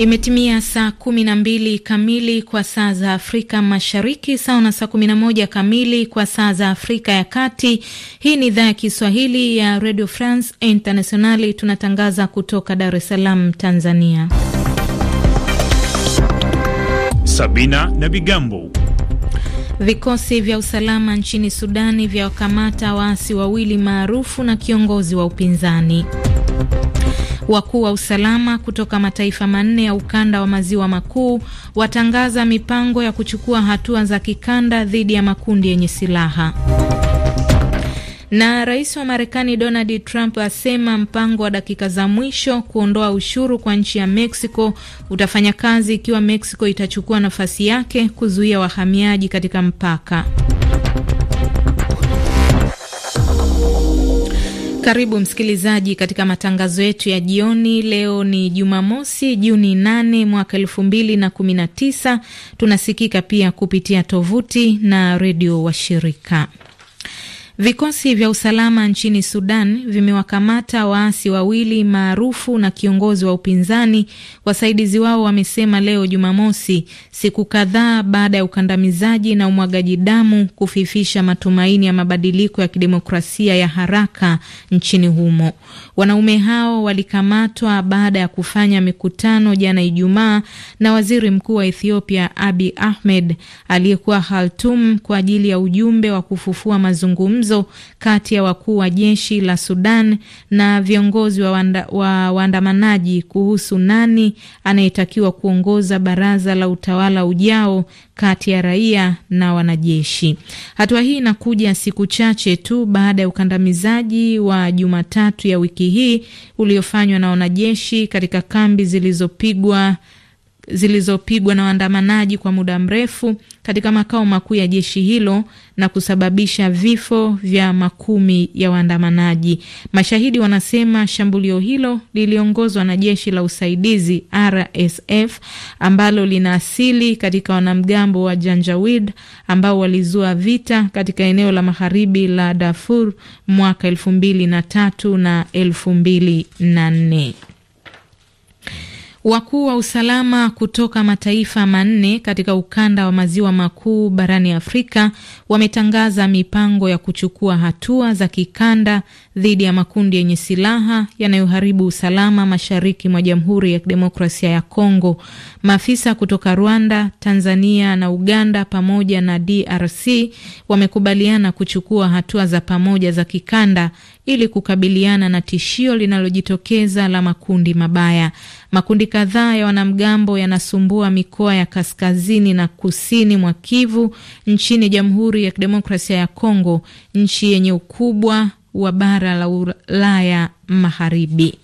Imetimia saa kumi na mbili kamili kwa saa za Afrika Mashariki, sawa na saa kumi na moja kamili kwa saa za Afrika ya Kati. Hii ni idhaa ya Kiswahili ya Radio France Internationali, tunatangaza kutoka Dar es Salaam, Tanzania. Sabina na Bigambo. Vikosi vya usalama nchini Sudani vya wakamata waasi wawili maarufu na kiongozi wa upinzani Wakuu wa usalama kutoka mataifa manne ya ukanda wa maziwa makuu watangaza mipango ya kuchukua hatua za kikanda dhidi ya makundi yenye silaha. Na rais wa Marekani Donald Trump asema mpango wa dakika za mwisho kuondoa ushuru kwa nchi ya Mexico utafanya kazi ikiwa Mexico itachukua nafasi yake kuzuia wahamiaji katika mpaka. Karibu msikilizaji katika matangazo yetu ya jioni. Leo ni Jumamosi, Juni 8 mwaka elfu mbili na kumi na tisa. Tunasikika pia kupitia tovuti na redio wa shirika Vikosi vya usalama nchini Sudan vimewakamata waasi wawili maarufu na kiongozi wa upinzani, wasaidizi wao wamesema leo Jumamosi, siku kadhaa baada ya ukandamizaji na umwagaji damu kufifisha matumaini ya mabadiliko ya kidemokrasia ya haraka nchini humo. Wanaume hao walikamatwa baada ya kufanya mikutano jana Ijumaa na waziri mkuu wa Ethiopia Abi Ahmed aliyekuwa Khartoum kwa ajili ya ujumbe wa kufufua mazungumzo kati ya wakuu wa jeshi la Sudan na viongozi wa waandamanaji wa waandamanaji kuhusu nani anayetakiwa kuongoza baraza la utawala ujao kati ya raia na wanajeshi. Hatua hii inakuja siku chache tu baada ya ukandamizaji wa Jumatatu ya wiki hii uliofanywa na wanajeshi katika kambi zilizopigwa zilizopigwa na waandamanaji kwa muda mrefu katika makao makuu ya jeshi hilo na kusababisha vifo vya makumi ya waandamanaji. Mashahidi wanasema shambulio hilo liliongozwa na jeshi la usaidizi RSF ambalo lina asili katika wanamgambo wa Janjawid ambao walizua vita katika eneo la magharibi la Darfur mwaka elfu mbili na tatu na elfu mbili na nne. Wakuu wa usalama kutoka mataifa manne katika ukanda wa maziwa makuu barani Afrika wametangaza mipango ya kuchukua hatua za kikanda dhidi ya makundi yenye silaha yanayoharibu usalama mashariki mwa Jamhuri ya Kidemokrasia ya Kongo. Maafisa kutoka Rwanda, Tanzania na Uganda pamoja na DRC wamekubaliana kuchukua hatua za pamoja za kikanda ili kukabiliana na tishio linalojitokeza la makundi mabaya. Makundi kadhaa ya wanamgambo yanasumbua mikoa ya kaskazini na kusini mwa Kivu nchini Jamhuri ya Kidemokrasia ya Kongo, nchi yenye ukubwa wa bara la Ulaya Magharibi.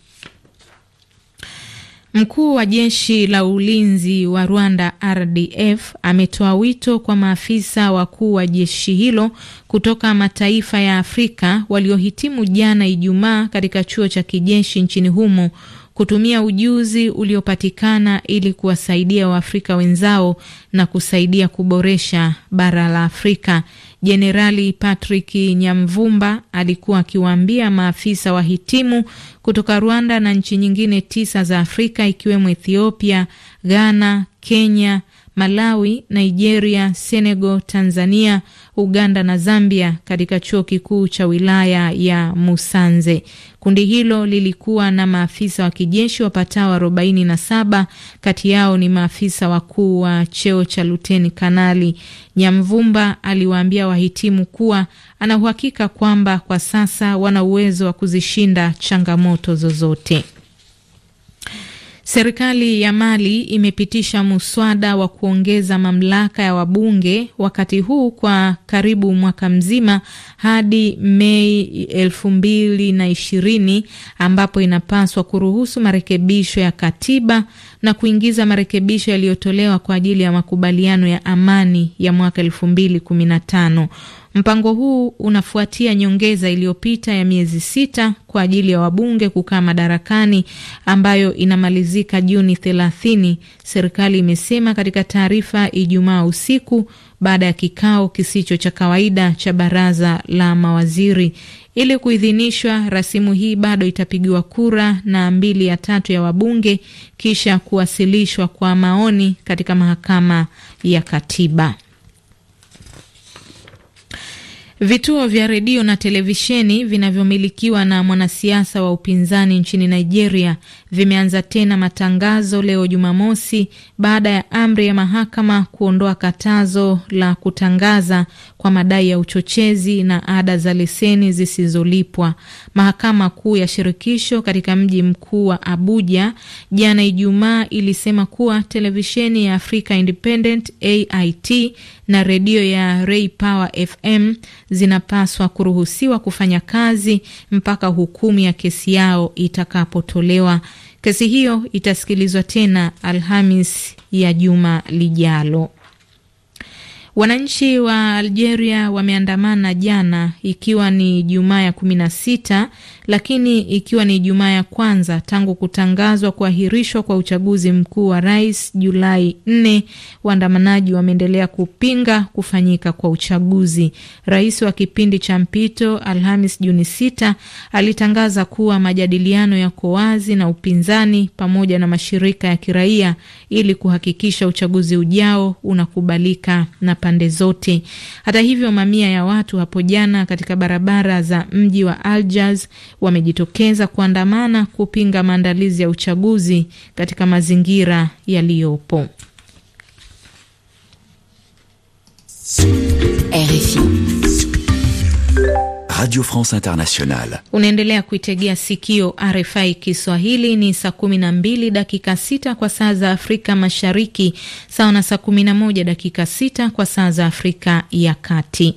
Mkuu wa jeshi la ulinzi wa Rwanda RDF ametoa wito kwa maafisa wakuu wa jeshi hilo kutoka mataifa ya Afrika waliohitimu jana Ijumaa katika chuo cha kijeshi nchini humo kutumia ujuzi uliopatikana ili kuwasaidia Waafrika wenzao na kusaidia kuboresha bara la Afrika. Jenerali Patrick Nyamvumba alikuwa akiwaambia maafisa wahitimu kutoka Rwanda na nchi nyingine tisa za Afrika ikiwemo Ethiopia, Ghana, Kenya, Malawi, Nigeria, Senegal, Tanzania, Uganda na Zambia katika chuo kikuu cha wilaya ya Musanze. Kundi hilo lilikuwa na maafisa wa kijeshi wapatao arobaini na saba, kati yao ni maafisa wakuu wa cheo cha luteni kanali. Nyamvumba aliwaambia wahitimu kuwa ana uhakika kwamba kwa sasa wana uwezo wa kuzishinda changamoto zozote. Serikali ya Mali imepitisha muswada wa kuongeza mamlaka ya wabunge wakati huu kwa karibu mwaka mzima hadi Mei elfu mbili na ishirini ambapo inapaswa kuruhusu marekebisho ya katiba na kuingiza marekebisho yaliyotolewa kwa ajili ya makubaliano ya amani ya mwaka elfu mbili kumi na tano. Mpango huu unafuatia nyongeza iliyopita ya miezi sita kwa ajili ya wabunge kukaa madarakani ambayo inamalizika Juni 30, serikali imesema katika taarifa Ijumaa usiku baada ya kikao kisicho cha kawaida cha baraza la mawaziri. Ili kuidhinishwa, rasimu hii bado itapigiwa kura na mbili ya tatu ya wabunge kisha kuwasilishwa kwa maoni katika mahakama ya katiba. Vituo vya redio na televisheni vinavyomilikiwa na mwanasiasa wa upinzani nchini Nigeria vimeanza tena matangazo leo Jumamosi baada ya amri ya mahakama kuondoa katazo la kutangaza kwa madai ya uchochezi na ada za leseni zisizolipwa. Mahakama Kuu ya Shirikisho katika mji mkuu wa Abuja jana Ijumaa ilisema kuwa televisheni ya Africa Independent AIT na redio ya Ray Power FM zinapaswa kuruhusiwa kufanya kazi mpaka hukumu ya kesi yao itakapotolewa. Kesi hiyo itasikilizwa tena Alhamis ya juma lijalo. Wananchi wa Algeria wameandamana jana ikiwa ni Jumaa ya kumi na sita lakini ikiwa ni Ijumaa ya kwanza tangu kutangazwa kuahirishwa kwa uchaguzi mkuu wa rais Julai 4, waandamanaji wameendelea kupinga kufanyika kwa uchaguzi. Rais wa kipindi cha mpito Alhamis Juni 6 alitangaza kuwa majadiliano yako wazi na upinzani pamoja na mashirika ya kiraia ili kuhakikisha uchaguzi ujao unakubalika na pande zote. Hata hivyo, mamia ya watu hapo jana katika barabara za mji wa Algiers wamejitokeza kuandamana kupinga maandalizi ya uchaguzi katika mazingira yaliyopo. Radio France Internationale. Unaendelea kuitegea sikio RFI Kiswahili. Ni saa 12 dakika sita kwa saa za Afrika Mashariki, sawa na saa 11 dakika sita kwa saa za Afrika ya Kati.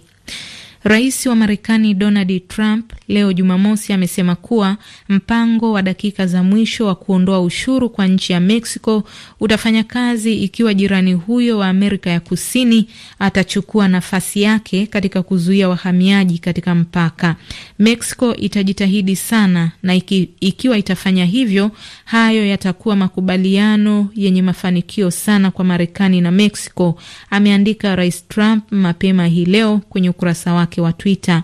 Rais wa Marekani Donald Trump leo Jumamosi amesema kuwa mpango wa dakika za mwisho wa kuondoa ushuru kwa nchi ya Mexico utafanya kazi ikiwa jirani huyo wa Amerika ya Kusini atachukua nafasi yake katika kuzuia wahamiaji katika mpaka. Mexico itajitahidi sana na iki, ikiwa itafanya hivyo, hayo yatakuwa makubaliano yenye mafanikio sana kwa Marekani na Mexico, ameandika Rais Trump mapema hii leo kwenye ukurasa wake wake wa Twitter.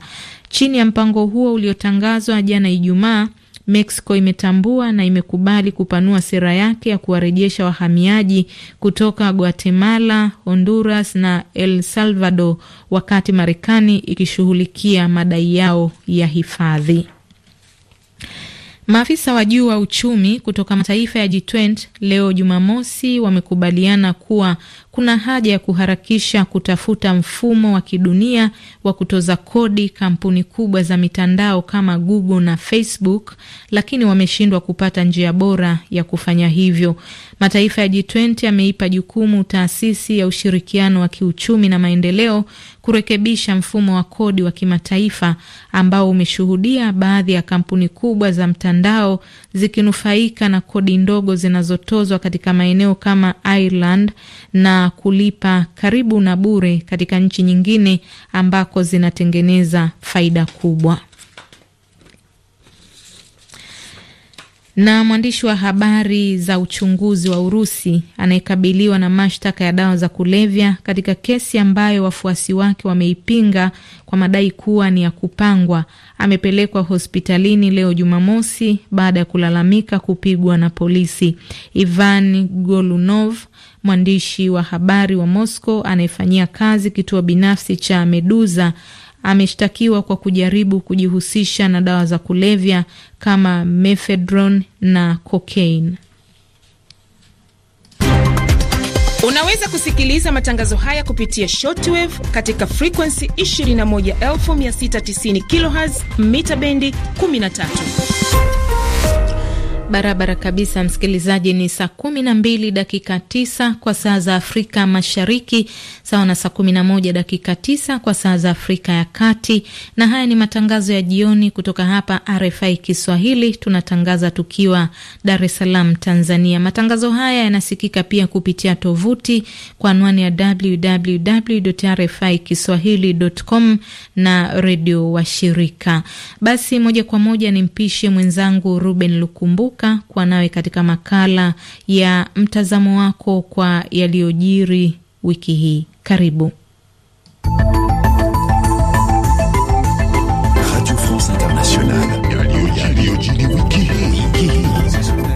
Chini ya mpango huo uliotangazwa jana Ijumaa, Mexico imetambua na imekubali kupanua sera yake ya kuwarejesha wahamiaji kutoka Guatemala, Honduras na El Salvador, wakati Marekani ikishughulikia madai yao ya hifadhi. Maafisa wa juu wa uchumi kutoka mataifa ya G20 leo Jumamosi wamekubaliana kuwa kuna haja ya kuharakisha kutafuta mfumo wa kidunia wa kutoza kodi kampuni kubwa za mitandao kama Google na Facebook, lakini wameshindwa kupata njia bora ya kufanya hivyo. Mataifa ya G20 yameipa jukumu taasisi ya ushirikiano wa kiuchumi na maendeleo kurekebisha mfumo wa kodi wa kimataifa ambao umeshuhudia baadhi ya kampuni kubwa za mtandao zikinufaika na kodi ndogo zinazotozwa katika maeneo kama Ireland na kulipa karibu na bure katika nchi nyingine ambako zinatengeneza faida kubwa. Na mwandishi wa habari za uchunguzi wa Urusi anayekabiliwa na mashtaka ya dawa za kulevya katika kesi ambayo wafuasi wake wameipinga kwa madai kuwa ni ya kupangwa amepelekwa hospitalini leo Jumamosi baada ya kulalamika kupigwa na polisi. Ivan Golunov, mwandishi wa habari wa Moscow anayefanyia kazi kituo binafsi cha Meduza ameshtakiwa kwa kujaribu kujihusisha na dawa za kulevya kama mefedron na cocain Unaweza kusikiliza matangazo haya kupitia shortwave katika frekuensi 21690 kh mita bendi 13. Barabara kabisa, msikilizaji. Ni saa kumi na mbili dakika tisa kwa saa za Afrika Mashariki, sawa na saa kumi na moja dakika tisa kwa saa za Afrika ya Kati. Na haya ni matangazo ya jioni kutoka hapa RFI Kiswahili. Tunatangaza tukiwa Dar es Salaam, Tanzania. Matangazo haya yanasikika pia kupitia tovuti kwa anwani ya kiswahilicom na redio washirika. Basi moja kwa moja ni mpishe mwenzangu Ruben Lukumbu kukumbuka kuwa nawe katika makala ya mtazamo wako kwa yaliyojiri wiki hii. Karibu Radio France Internationale.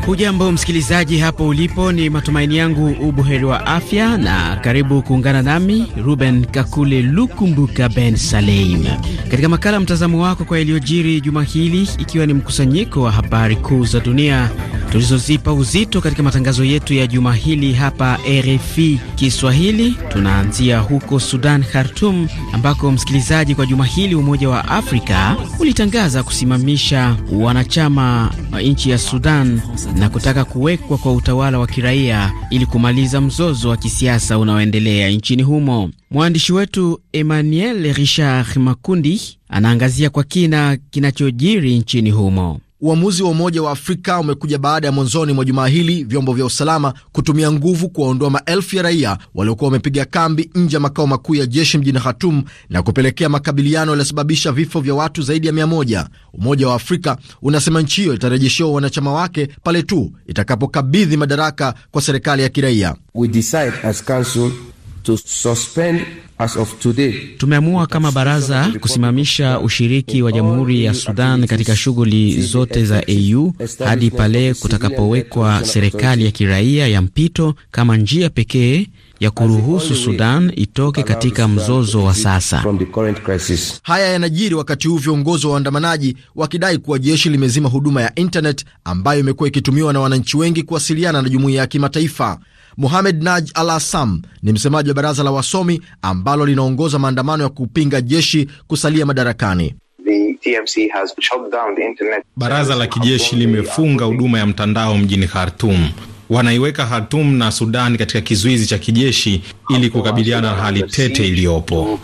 Hujambo msikilizaji hapo ulipo, ni matumaini yangu ubuheri wa afya, na karibu kuungana nami Ruben Kakule Lukumbuka Ben Saleim katika makala mtazamo wako kwa yaliyojiri juma hili, ikiwa ni mkusanyiko wa habari kuu za dunia tulizozipa uzito katika matangazo yetu ya juma hili hapa RFI Kiswahili. Tunaanzia huko Sudan, khartum ambako msikilizaji, kwa juma hili Umoja wa Afrika ulitangaza kusimamisha wanachama wa nchi ya Sudan na kutaka kuwekwa kwa utawala wa kiraia ili kumaliza mzozo wa kisiasa unaoendelea nchini humo. Mwandishi wetu Emmanuel Richard Makundi anaangazia kwa kina kinachojiri nchini humo. Uamuzi wa Umoja wa Afrika umekuja baada ya mwanzoni mwa jumaa hili vyombo vya usalama kutumia nguvu kuwaondoa maelfu ya raia waliokuwa wamepiga kambi nje ya makao makuu ya jeshi mjini Khartoum na kupelekea makabiliano yaliyosababisha vifo vya watu zaidi ya mia moja. Umoja wa Afrika unasema nchi hiyo itarejeshewa wanachama wake pale tu itakapokabidhi madaraka kwa serikali ya kiraia. We decide as council to suspend As of today, tumeamua kama baraza kusimamisha ushiriki wa Jamhuri ya Sudan katika shughuli zote za AU hadi pale kutakapowekwa serikali ya kiraia ya mpito kama njia pekee ya kuruhusu Sudan itoke katika mzozo wa sasa. Haya yanajiri wakati huu viongozi wa waandamanaji wakidai kuwa jeshi limezima huduma ya intanet ambayo imekuwa ikitumiwa na wananchi wengi kuwasiliana na jumuiya ya kimataifa. Mohamed Naj Al Assam ni msemaji wa baraza la wasomi ambalo linaongoza maandamano ya kupinga jeshi kusalia madarakani. Baraza la kijeshi limefunga huduma ya mtandao mjini Khartoum wanaiweka Hatum na Sudan katika kizuizi cha kijeshi ili kukabiliana na hali tete iliyopo.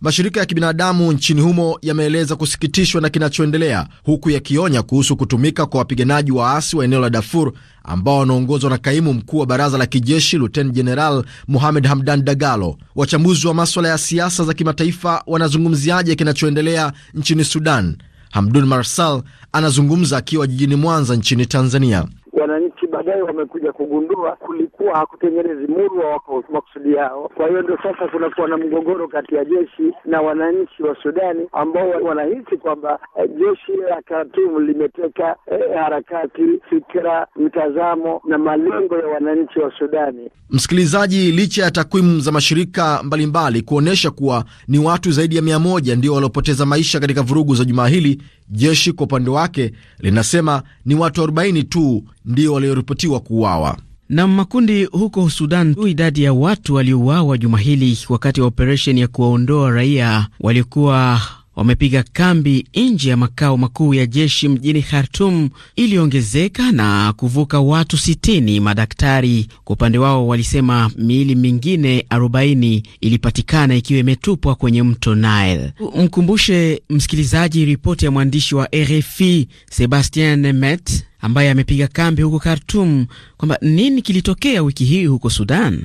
Mashirika ya kibinadamu nchini humo yameeleza kusikitishwa na kinachoendelea, huku yakionya kuhusu kutumika kwa wapiganaji waasi wa eneo la Darfur ambao wanaongozwa na kaimu mkuu wa baraza la kijeshi Luteni Jeneral Mohamed Hamdan Dagalo. Wachambuzi wa maswala ya siasa za kimataifa wanazungumziaje kinachoendelea nchini Sudan? Hamdun Marsal anazungumza akiwa jijini Mwanza nchini Tanzania. Wananchi wakati baadaye wamekuja kugundua kulikuwa hakutengenezi murwa wako makusudi yao. Kwa hiyo ndio sasa kunakuwa na mgogoro kati ya jeshi na wananchi wa Sudani ambao wanahisi kwamba eh, jeshi la Khartoum limeteka eh, harakati, fikira, mtazamo na malengo ya wananchi wa Sudani. Msikilizaji, licha ya takwimu za mashirika mbalimbali kuonyesha kuwa ni watu zaidi ya mia moja ndio waliopoteza maisha katika vurugu za jumaa hili, jeshi kwa upande wake linasema ni watu 40 tu ndio walio walioripotiwa kuuawa na makundi huko Sudan tu. Idadi ya watu waliouawa juma hili wakati wa operesheni ya kuwaondoa raia waliokuwa wamepiga kambi nje ya makao makuu ya jeshi mjini Khartum iliyoongezeka na kuvuka watu 60. Madaktari kwa upande wao walisema miili mingine 40 ilipatikana ikiwa imetupwa kwenye mto Nile. Mkumbushe msikilizaji ripoti ya mwandishi wa RFI Sebastien Met ambaye amepiga kambi huko Khartum kwamba nini kilitokea wiki hii huko Sudan.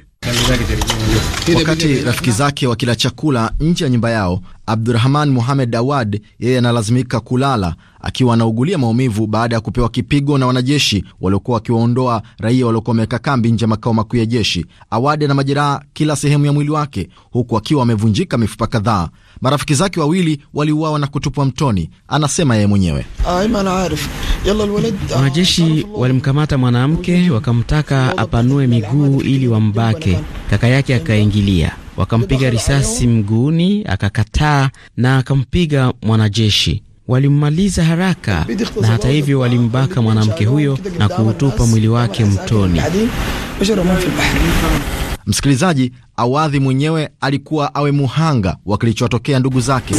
Wakati rafiki zake wakila chakula nje ya nyumba yao, Abdurahman muhamed awad yeye analazimika kulala akiwa anaugulia maumivu baada ya kupewa kipigo na wanajeshi waliokuwa wakiwaondoa raia waliokuwa wameweka kambi nje ya makao makuu ya jeshi. Awad ana majeraha kila sehemu ya mwili wake, huku akiwa amevunjika mifupa kadhaa. Marafiki zake wawili waliuawa na kutupwa mtoni, anasema yeye mwenyewe. Wanajeshi walimkamata mwanamke, wakamtaka apanue miguu ili wambake. Kaka yake akaingilia wakampiga risasi mguuni, akakataa na akampiga mwanajeshi. Walimmaliza haraka, na hata hivyo walimbaka mwanamke huyo na kuutupa mwili wake mtoni. Msikilizaji, Awadhi mwenyewe alikuwa awe muhanga wa kilichotokea ndugu zake.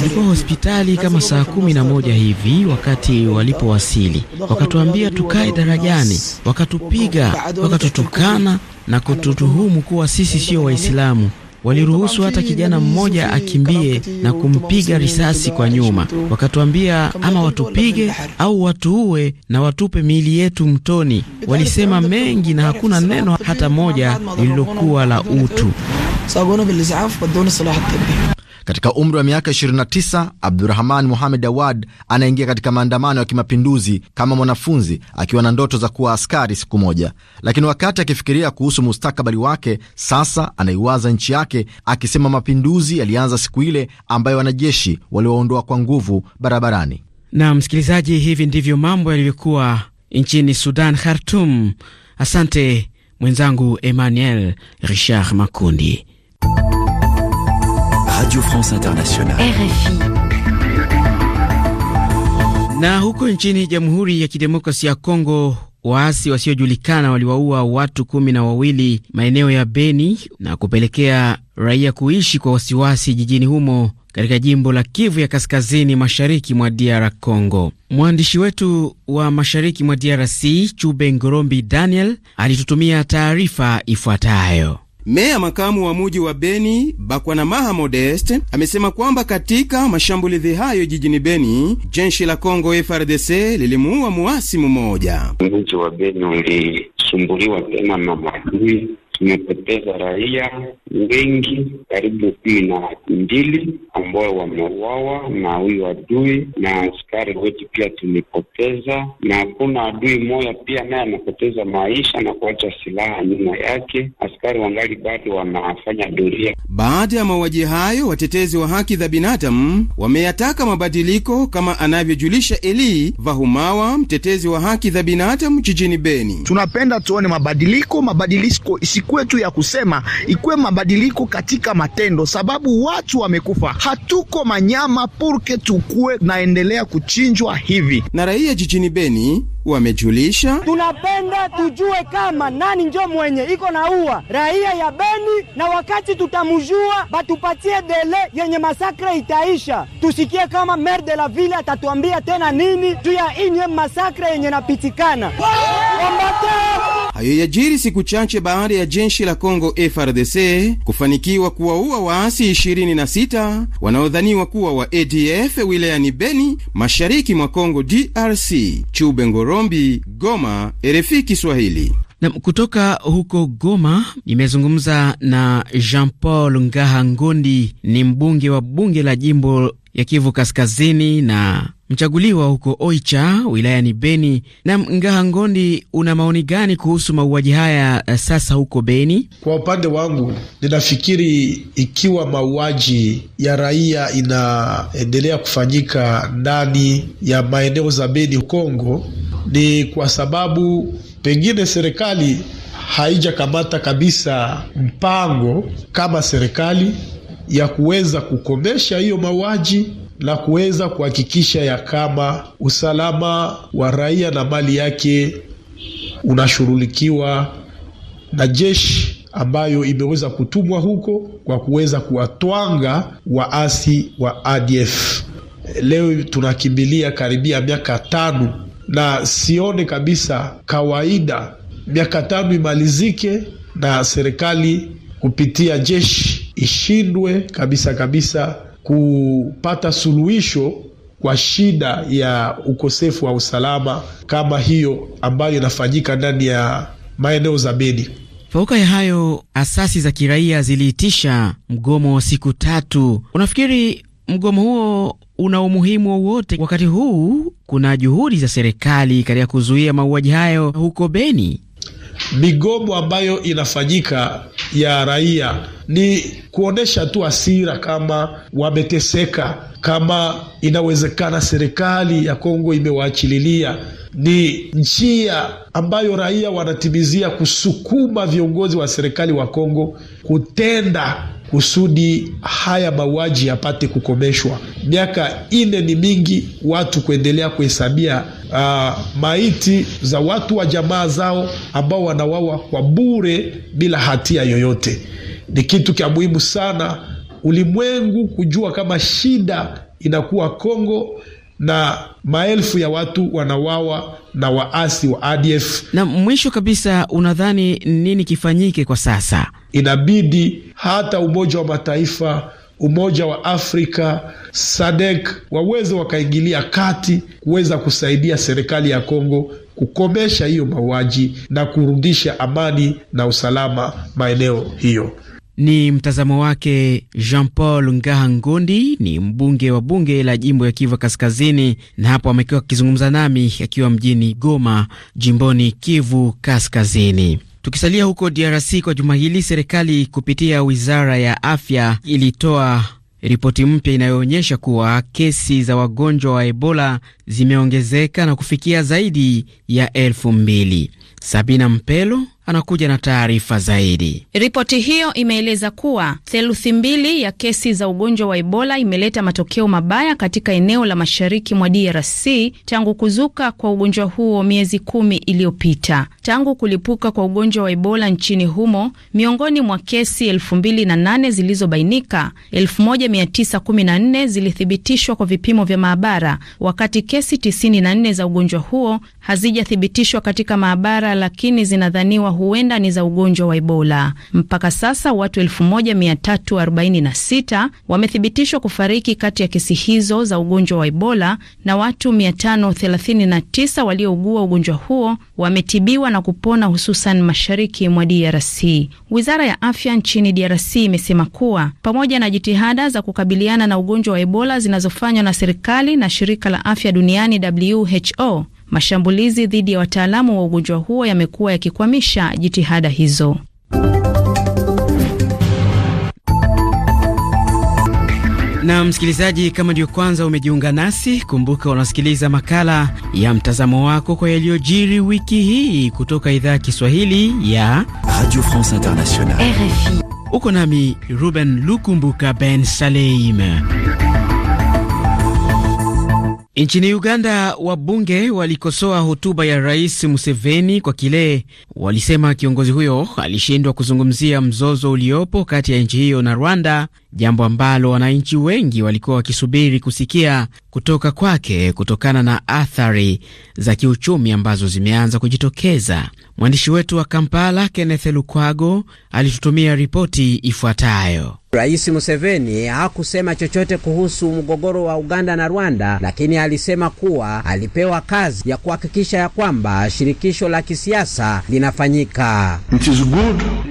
Ilikuwa hospitali kama saa kumi na moja hivi wakati walipowasili, wakatuambia tukae darajani, wakatupiga, wakatutukana, na kututuhumu kuwa sisi sio Waislamu. Waliruhusu hata kijana mmoja akimbie na kumpiga risasi kwa nyuma, wakatuambia ama watupige au watuue na watupe miili yetu mtoni. Walisema mengi na hakuna neno hata moja lililokuwa la utu. Katika umri wa miaka 29, Abdurahman Muhamed Awad anaingia katika maandamano ya kimapinduzi kama mwanafunzi akiwa na ndoto za kuwa askari siku moja, lakini wakati akifikiria kuhusu mustakabali wake, sasa anaiwaza nchi yake, akisema mapinduzi yalianza siku ile ambayo wanajeshi waliwaondoa kwa nguvu barabarani. Na msikilizaji, hivi ndivyo mambo yalivyokuwa nchini Sudan, Khartum. Asante mwenzangu Emmanuel Richard Makundi. Radio France Internationale. RFI. Na huko nchini Jamhuri ya Kidemokrasia ya Kongo waasi wasiojulikana waliwaua watu kumi na wawili maeneo ya Beni na kupelekea raia kuishi kwa wasiwasi jijini humo katika jimbo la Kivu ya kaskazini mashariki mwa DR Congo. Mwandishi wetu wa mashariki mwa DRC Chube Ngorombi Daniel alitutumia taarifa ifuatayo. Meya makamu wa muji wa Beni Bakwanamaha modest amesema kwamba katika mashambulizi hayo jijini Beni jeshi la Congo FRDC lilimuua muasi mmoja. Mji wa Beni ulisumbuliwa tena na maadui Tumepoteza raia wengi karibu kumi na mbili ambao wameuawa na huyu adui, na askari wetu pia tumepoteza, na kuna adui moya pia naye amepoteza maisha na kuacha silaha nyuma yake. Askari wangali bado wanafanya doria. Baada ya mauaji hayo, watetezi wa haki za binadamu wameyataka mabadiliko, kama anavyojulisha Eli Vahumawa, mtetezi wa haki za binadamu jijini Beni. Tunapenda tuone mabadiliko, mabadiliko isi ikuwe tu ya kusema, ikuwe mabadiliko katika matendo, sababu watu wamekufa, hatuko manyama purke tukuwe naendelea kuchinjwa hivi. Na raia jijini Beni wamejulisha tunapenda tujue kama nani njo mwenye iko na ua raia ya Beni, na wakati tutamujua batupatie dele yenye masakre itaisha, tusikie kama mer de la ville atatuambia tena nini juu ya inye masakre yenye napitikana Wambato! Hayo yajiri siku chache baada ya jeshi la congo FRDC kufanikiwa kuwaua waasi 26 wanaodhaniwa kuwa wa ADF wilayani Beni, mashariki mwa congo DRC. Chube Ngorombi, Goma, RFI Kiswahili. Na kutoka huko Goma nimezungumza na Jean Paul Ngaha Ngondi, ni mbunge wa bunge la jimbo ya Kivu Kaskazini na mchaguliwa huko Oicha wilayani Beni. Na Ngaha Ngondi, una maoni gani kuhusu mauaji haya eh, sasa huko Beni? Kwa upande wangu, ninafikiri ikiwa mauaji ya raia inaendelea kufanyika ndani ya maeneo za Beni, Kongo, ni kwa sababu pengine serikali haijakamata kabisa mpango kama serikali ya kuweza kukomesha hiyo mauaji na kuweza kuhakikisha ya kama usalama wa raia na mali yake unashughulikiwa na jeshi ambayo imeweza kutumwa huko kwa kuweza kuwatwanga waasi wa ADF. Leo tunakimbilia karibia miaka tano, na sione kabisa kawaida miaka tano imalizike na serikali kupitia jeshi ishindwe kabisa kabisa kupata suluhisho kwa shida ya ukosefu wa usalama kama hiyo ambayo inafanyika ndani ya maeneo za Beni. Fauka ya hayo, asasi za kiraia ziliitisha mgomo wa siku tatu. Unafikiri mgomo huo una umuhimu wowote wakati huu kuna juhudi za serikali katika kuzuia mauaji hayo huko Beni? migomo ambayo inafanyika ya raia ni kuonesha tu hasira kama wameteseka, kama inawezekana serikali ya Kongo imewaachililia. Ni njia ambayo raia wanatimizia kusukuma viongozi wa serikali wa Kongo kutenda kusudi haya mauaji yapate kukomeshwa. Miaka ine ni mingi watu kuendelea kuhesabia uh, maiti za watu wa jamaa zao ambao wanawawa kwa bure bila hatia yoyote. Ni kitu cha muhimu sana ulimwengu kujua kama shida inakuwa Kongo na maelfu ya watu wanawawa na waasi wa ADF. Na mwisho kabisa, unadhani nini kifanyike kwa sasa? inabidi hata Umoja wa Mataifa, Umoja wa Afrika, SADC waweze wakaingilia kati kuweza kusaidia serikali ya Kongo kukomesha hiyo mauaji na kurudisha amani na usalama maeneo hiyo. Ni mtazamo wake Jean Paul Ngaha Ngondi, ni mbunge wa bunge la jimbo ya Kivu Kaskazini, na hapo amekuwa akizungumza nami akiwa mjini Goma, jimboni Kivu Kaskazini. Tukisalia huko DRC kwa juma hili, serikali kupitia wizara ya afya ilitoa ripoti mpya inayoonyesha kuwa kesi za wagonjwa wa Ebola zimeongezeka na kufikia zaidi ya elfu mbili. Sabina Mpelo anakuja na taarifa zaidi. Ripoti hiyo imeeleza kuwa theluthi mbili ya kesi za ugonjwa wa Ebola imeleta matokeo mabaya katika eneo la mashariki mwa DRC tangu kuzuka kwa ugonjwa huo miezi kumi iliyopita. Tangu kulipuka kwa ugonjwa wa Ebola nchini humo, miongoni mwa kesi 2008 zilizobainika, 1914 zilithibitishwa kwa vipimo vya maabara, wakati kesi 94 za ugonjwa huo hazijathibitishwa katika maabara, lakini zinadhaniwa huenda ni za ugonjwa wa Ebola. Mpaka sasa watu 1346 wamethibitishwa kufariki kati ya kesi hizo za ugonjwa wa Ebola na watu 539 waliougua ugonjwa huo wametibiwa na kupona, hususan mashariki mwa DRC. Wizara ya afya nchini DRC imesema kuwa pamoja na jitihada za kukabiliana na ugonjwa wa Ebola zinazofanywa na serikali na shirika la afya duniani WHO Mashambulizi dhidi ya wataalamu wa ugonjwa huo yamekuwa yakikwamisha jitihada hizo. Na msikilizaji, kama ndiyo kwanza umejiunga nasi, kumbuka unasikiliza makala ya mtazamo wako kwa yaliyojiri wiki hii kutoka idhaa ya Kiswahili ya Radio France Internationale, RFI. Uko nami Ruben Lukumbuka Ben Saleim. Nchini Uganda, wabunge walikosoa hotuba ya Rais Museveni kwa kile walisema kiongozi huyo alishindwa kuzungumzia mzozo uliopo kati ya nchi hiyo na Rwanda, jambo ambalo wananchi wengi walikuwa wakisubiri kusikia kutoka kwake kutokana na athari za kiuchumi ambazo zimeanza kujitokeza. Mwandishi wetu wa Kampala Kenneth Lukwago alitutumia ripoti ifuatayo. Rais Museveni hakusema chochote kuhusu mgogoro wa Uganda na Rwanda, lakini alisema kuwa alipewa kazi ya kuhakikisha ya kwamba shirikisho la kisiasa linafanyika.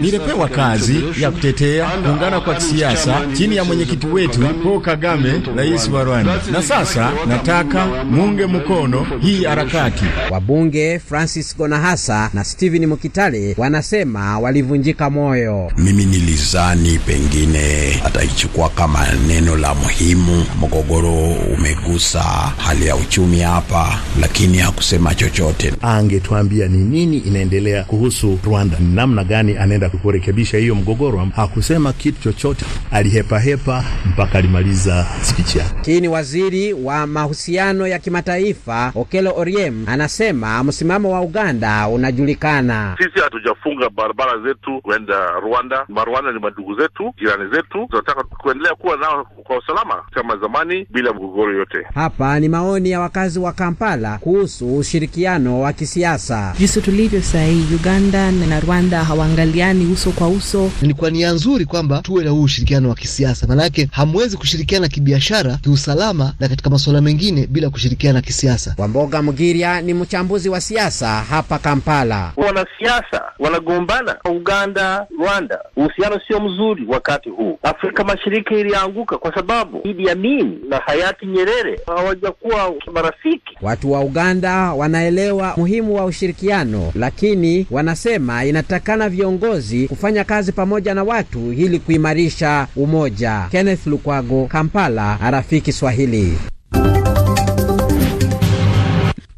Nilipewa kazi ya kutetea kuungana kwa kisiasa chini ya mwenyekiti wetu Paul Kagame, rais wa Rwanda, na sasa nataka muunge mkono hii harakati. Wabunge Francis Gonahasa na Steven Mukitale wanasema walivunjika moyo. Mimi nilizani pengine ataichukua kama neno la muhimu. Mgogoro umegusa hali ya uchumi hapa, lakini hakusema chochote. Angetuambia ni nini inaendelea kuhusu Rwanda, namna gani anaenda kurekebisha hiyo mgogoro. Hakusema kitu chochote, alihepahepa mpaka alimaliza speech yake. ni waziri wa mahusiano ya kimataifa Okelo Oriem anasema msimamo wa Uganda unajulikana. Sisi hatujafunga barabara zetu kwenda Rwanda. Marwanda ni madugu zetu, jirani zetu tu tunataka kuendelea kuwa nao kwa usalama kama zamani bila mgogoro yote. Hapa ni maoni ya wakazi wa Kampala kuhusu ushirikiano wa kisiasa. Jinsi tulivyo sahii, Uganda na Rwanda hawaangaliani uso kwa uso. Ni kwa nia nzuri kwamba tuwe na huu ushirikiano wa kisiasa, maanake hamwezi kushirikiana kibiashara, kiusalama na katika masuala mengine bila kushirikiana kisiasa. Wamboga Mgiria ni mchambuzi wa siasa hapa Kampala. Wanasiasa wanagombana Uganda, Rwanda, uhusiano sio mzuri wakati huu kuu. Afrika Mashariki ilianguka kwa sababu Idi Amin na hayati Nyerere hawajakuwa marafiki. Watu wa Uganda wanaelewa muhimu wa ushirikiano, lakini wanasema inatakana viongozi kufanya kazi pamoja na watu ili kuimarisha umoja. Kenneth Lukwago, Kampala, Arafiki Swahili.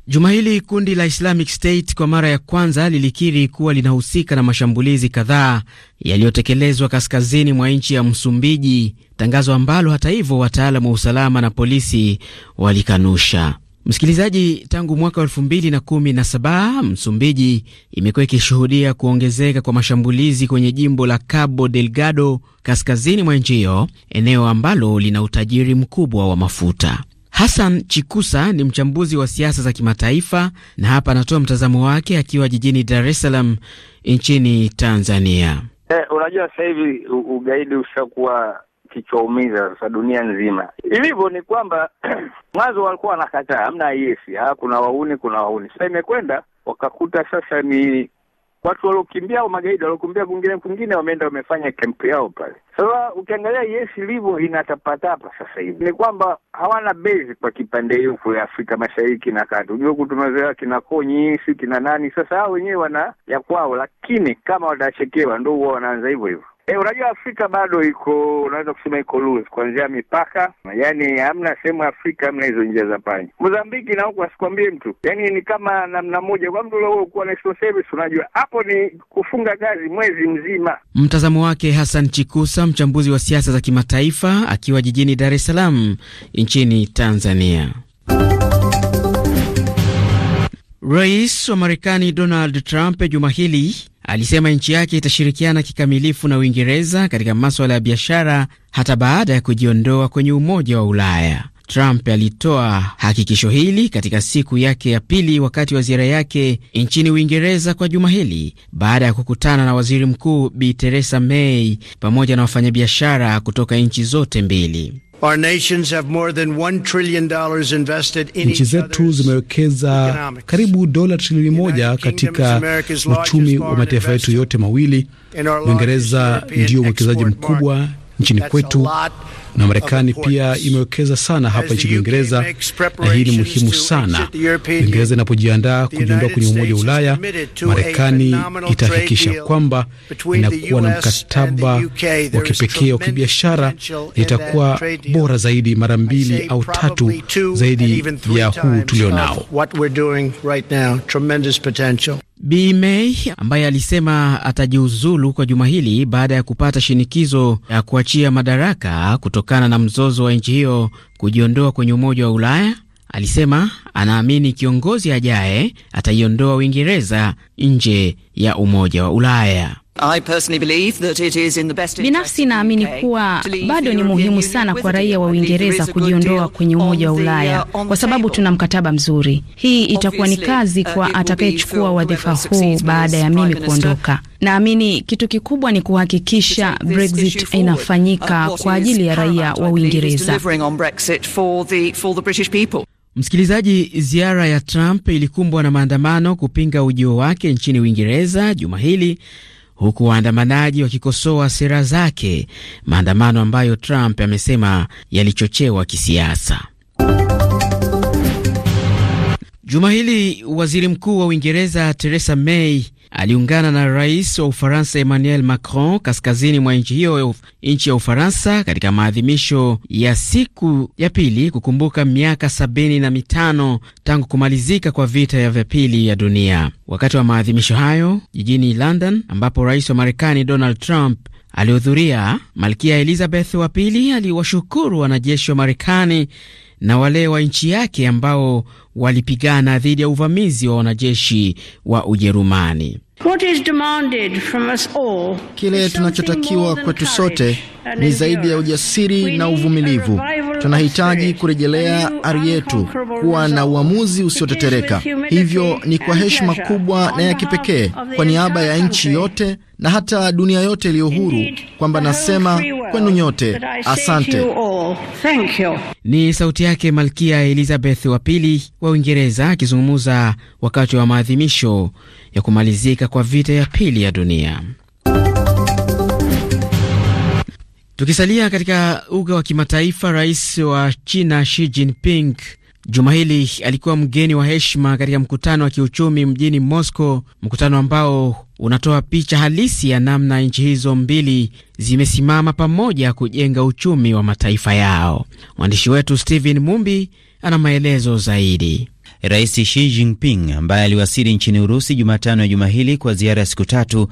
Juma hili kundi la Islamic State kwa mara ya kwanza lilikiri kuwa linahusika na mashambulizi kadhaa yaliyotekelezwa kaskazini mwa nchi ya Msumbiji, tangazo ambalo hata hivyo wataalamu wa usalama na polisi walikanusha. Msikilizaji, tangu mwaka elfu mbili na kumi na saba Msumbiji imekuwa ikishuhudia kuongezeka kwa mashambulizi kwenye jimbo la Cabo Delgado kaskazini mwa nchi hiyo, eneo ambalo lina utajiri mkubwa wa mafuta. Hassan Chikusa ni mchambuzi wa siasa za kimataifa na hapa anatoa mtazamo wake akiwa jijini Dar es Salaam nchini Tanzania. Eh, unajua sasa hivi ugaidi ushakuwa kichwaumiza sasa dunia nzima. Ilivyo ni kwamba mwanzo walikuwa wanakataa, hamna yesi, kuna wauni, kuna wauni. Sasa imekwenda wakakuta sasa ni watu waliokimbia au magaidi waliokimbia kwingine kwingine wameenda wamefanya kampu yao pale. Sasa ukiangalia Yesu ilivyo inatapatapa sasa hivi ni kwamba hawana bezi kwa kipande huku ya Afrika Mashariki na kati, ujua huku tumezoea kina Konyi si kina nani. Sasa hao wenyewe wana ya kwao, lakini kama watachekewa, ndo huwa wanaanza hivyo hivyo. E, unajua Afrika bado iko, unaweza kusema iko loose kuanzia mipaka, yani hamna sehemu Afrika hamna hizo njia za panya. Mozambiki na huko asikwambie mtu, yani ni kama namna moja kwa mtu uliokuwa national service, unajua hapo ni kufunga kazi mwezi mzima. Mtazamo wake Hassan Chikusa, mchambuzi wa siasa za kimataifa, akiwa jijini Dar es Salaam nchini Tanzania. Rais wa Marekani Donald Trump juma hili alisema nchi yake itashirikiana kikamilifu na Uingereza katika maswala ya biashara hata baada ya kujiondoa kwenye Umoja wa Ulaya. Trump alitoa hakikisho hili katika siku yake ya pili wakati wa ziara yake nchini Uingereza kwa juma hili baada ya kukutana na waziri mkuu Bi Theresa May pamoja na wafanyabiashara kutoka nchi zote mbili. Nchi zetu zimewekeza karibu dola trilioni moja katika uchumi wa mataifa yetu yote mawili. Uingereza ndio mwekezaji mkubwa nchini kwetu na Marekani pia imewekeza sana hapa nchini Uingereza, na hii ni muhimu sana. Uingereza inapojiandaa kujiondoa kwenye Umoja wa Ulaya, Marekani itahakikisha kwamba inakuwa na mkataba wa kipekee wa kibiashara, itakuwa bora zaidi mara mbili au tatu zaidi ya huu tulionao. Bi May ambaye alisema atajiuzulu kwa juma hili baada ya kupata shinikizo ya kuachia madaraka kutokana na mzozo wa nchi hiyo kujiondoa kwenye Umoja wa Ulaya, alisema anaamini kiongozi ajaye ataiondoa Uingereza nje ya Umoja wa Ulaya. Binafsi naamini kuwa bado ni muhimu sana kwa raia wa Uingereza kujiondoa kwenye Umoja wa Ulaya uh, kwa sababu tuna mkataba mzuri. Hii itakuwa ni kazi kwa uh, atakayechukua wadhifa huu baada ya mimi kuondoka. Naamini kitu kikubwa ni kuhakikisha Brexit inafanyika uh, kwa ajili ya raia wa Uingereza. Msikilizaji, ziara ya Trump ilikumbwa na maandamano kupinga ujio wake nchini Uingereza juma hili huku waandamanaji wakikosoa sera zake, maandamano ambayo Trump amesema yalichochewa kisiasa. Juma hili waziri mkuu wa Uingereza Theresa May aliungana na rais wa Ufaransa Emmanuel Macron kaskazini mwa nchi hiyo, nchi ya Ufaransa, katika maadhimisho ya siku ya pili kukumbuka miaka sabini na mitano tangu kumalizika kwa vita vya pili ya dunia. Wakati wa maadhimisho hayo jijini London, ambapo rais wa Marekani Donald Trump alihudhuria, malkia Elizabeth wa pili aliwashukuru wanajeshi wa Marekani na wale wa nchi yake ambao walipigana dhidi ya uvamizi wa wanajeshi wa Ujerumani. Kile tunachotakiwa kwetu sote ni zaidi ya ujasiri na uvumilivu. Tunahitaji kurejelea ari yetu, kuwa na uamuzi usiotetereka. Hivyo ni kwa heshima kubwa na ya kipekee, kwa niaba ya nchi yote na hata dunia yote iliyo huru kwamba nasema kwenu nyote asante. Ni sauti yake Malkia Elizabeth wa pili wa Uingereza akizungumza wakati wa maadhimisho ya kumalizika kwa vita ya pili ya dunia. Tukisalia katika uga wa kimataifa, rais wa China Xi Jinping Juma hili alikuwa mgeni wa heshima katika mkutano wa kiuchumi mjini Moscow, mkutano ambao unatoa picha halisi ya namna nchi hizo mbili zimesimama pamoja kujenga uchumi wa mataifa yao. Mwandishi wetu stehen Mumbi ana maelezo zaidi. Rais Xi Jinping ambaye aliwasili nchini Urusi Jumatano ya juma hili kwa ziara ya siku tatu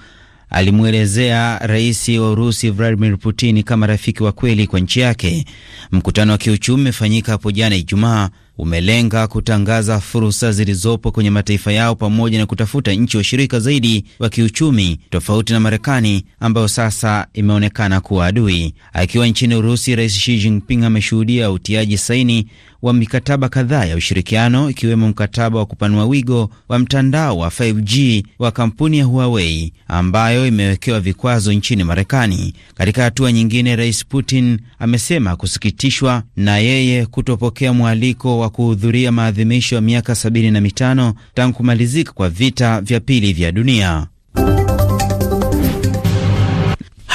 alimwelezea rais wa Urusi Vladimir Putin kama rafiki wa kweli kwa nchi yake. Mkutano wa kiuchumi umefanyika hapo jana Ijumaa umelenga kutangaza fursa zilizopo kwenye mataifa yao pamoja na kutafuta nchi washirika zaidi wa kiuchumi, tofauti na Marekani ambayo sasa imeonekana kuwa adui. Akiwa nchini Urusi, Rais Xi Jinping ameshuhudia utiaji saini wa mikataba kadhaa ya ushirikiano ikiwemo mkataba wa kupanua wigo wa mtandao wa 5G wa kampuni ya Huawei ambayo imewekewa vikwazo nchini Marekani. Katika hatua nyingine, Rais Putin amesema kusikitishwa na yeye kutopokea mwaliko wa kuhudhuria maadhimisho ya miaka 75 tangu kumalizika kwa vita vya pili vya dunia.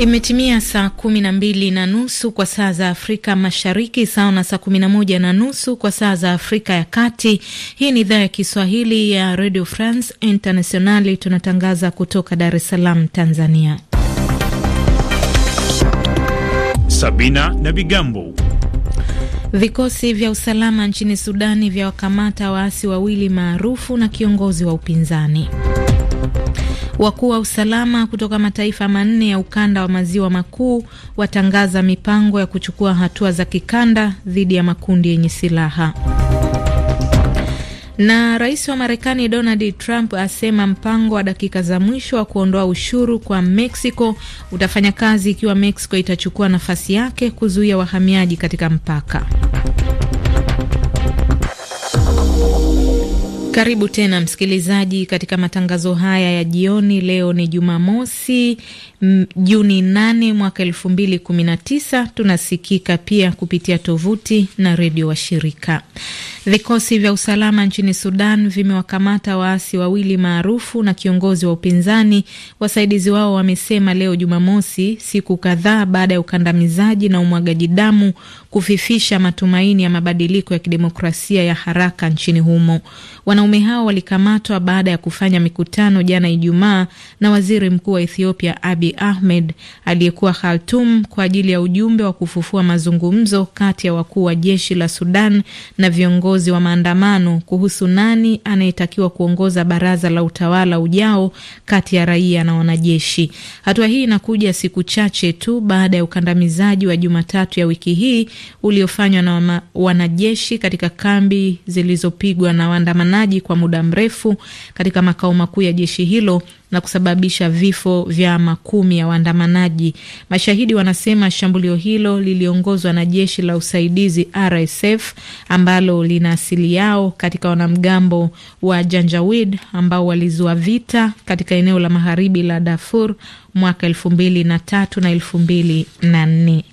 Imetimia saa kumi na mbili na nusu kwa saa za Afrika Mashariki, sawa na saa kumi na moja na nusu kwa saa za Afrika ya Kati. Hii ni idhaa ya Kiswahili ya Radio France Internationali, tunatangaza kutoka Dar es Salaam, Tanzania. Sabina na Bigambo. Vikosi vya usalama nchini Sudani vya wakamata waasi wawili maarufu na kiongozi wa upinzani. Wakuu wa usalama kutoka mataifa manne ya ukanda wa maziwa makuu watangaza mipango ya kuchukua hatua za kikanda dhidi ya makundi yenye silaha. Na rais wa Marekani Donald Trump asema mpango wa dakika za mwisho wa kuondoa ushuru kwa Mexico utafanya kazi ikiwa Mexico itachukua nafasi yake kuzuia wahamiaji katika mpaka. Karibu tena msikilizaji, katika matangazo haya ya jioni. Leo ni Jumamosi, Juni 8 mwaka tisa. Tunasikika pia kupitia tovuti na redio wa shirika Vikosi vya usalama nchini Sudan vimewakamata waasi wawili maarufu na kiongozi wa upinzani, wasaidizi wao wamesema leo Jumamosi, siku kadhaa baada ya ukandamizaji na umwagaji damu kufifisha matumaini ya mabadiliko ya kidemokrasia ya haraka nchini humo. Wanaume hao walikamatwa baada ya kufanya mikutano jana Ijumaa na waziri mkuu wa Ethiopia abi Ahmed aliyekuwa khartum kwa ajili ya ujumbe wa kufufua mazungumzo kati ya wakuu wa jeshi la Sudan na viongozi wa maandamano kuhusu nani anayetakiwa kuongoza baraza la utawala ujao kati ya raia na wanajeshi. Hatua hii inakuja siku chache tu baada ya ukandamizaji wa Jumatatu ya wiki hii uliofanywa na wanajeshi katika kambi zilizopigwa na waandamanaji kwa muda mrefu katika makao makuu ya jeshi hilo na kusababisha vifo vya makumi ya waandamanaji. Mashahidi wanasema shambulio hilo liliongozwa na jeshi la usaidizi RSF ambalo lina asili yao katika wanamgambo wa Janjawid ambao walizua vita katika eneo la magharibi la Darfur mwaka elfu mbili na tatu na elfu mbili na nne.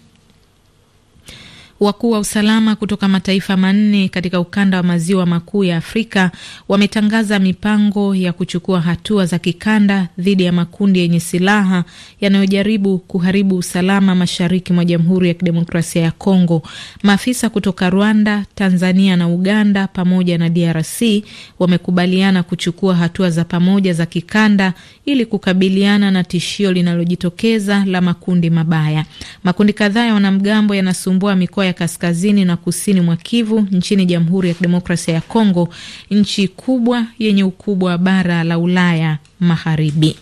Wakuu wa usalama kutoka mataifa manne katika ukanda wa maziwa makuu ya Afrika wametangaza mipango ya kuchukua hatua za kikanda dhidi ya makundi yenye silaha yanayojaribu kuharibu usalama mashariki mwa Jamhuri ya Kidemokrasia ya Kongo. Maafisa kutoka Rwanda, Tanzania na Uganda pamoja na DRC wamekubaliana kuchukua hatua za pamoja za kikanda ili kukabiliana na tishio linalojitokeza la makundi mabaya. Makundi kadhaa ya wanamgambo yanasumbua mikoa ya kaskazini na kusini mwa Kivu nchini Jamhuri ya Kidemokrasia ya Kongo, nchi kubwa yenye ukubwa wa bara la Ulaya Magharibi.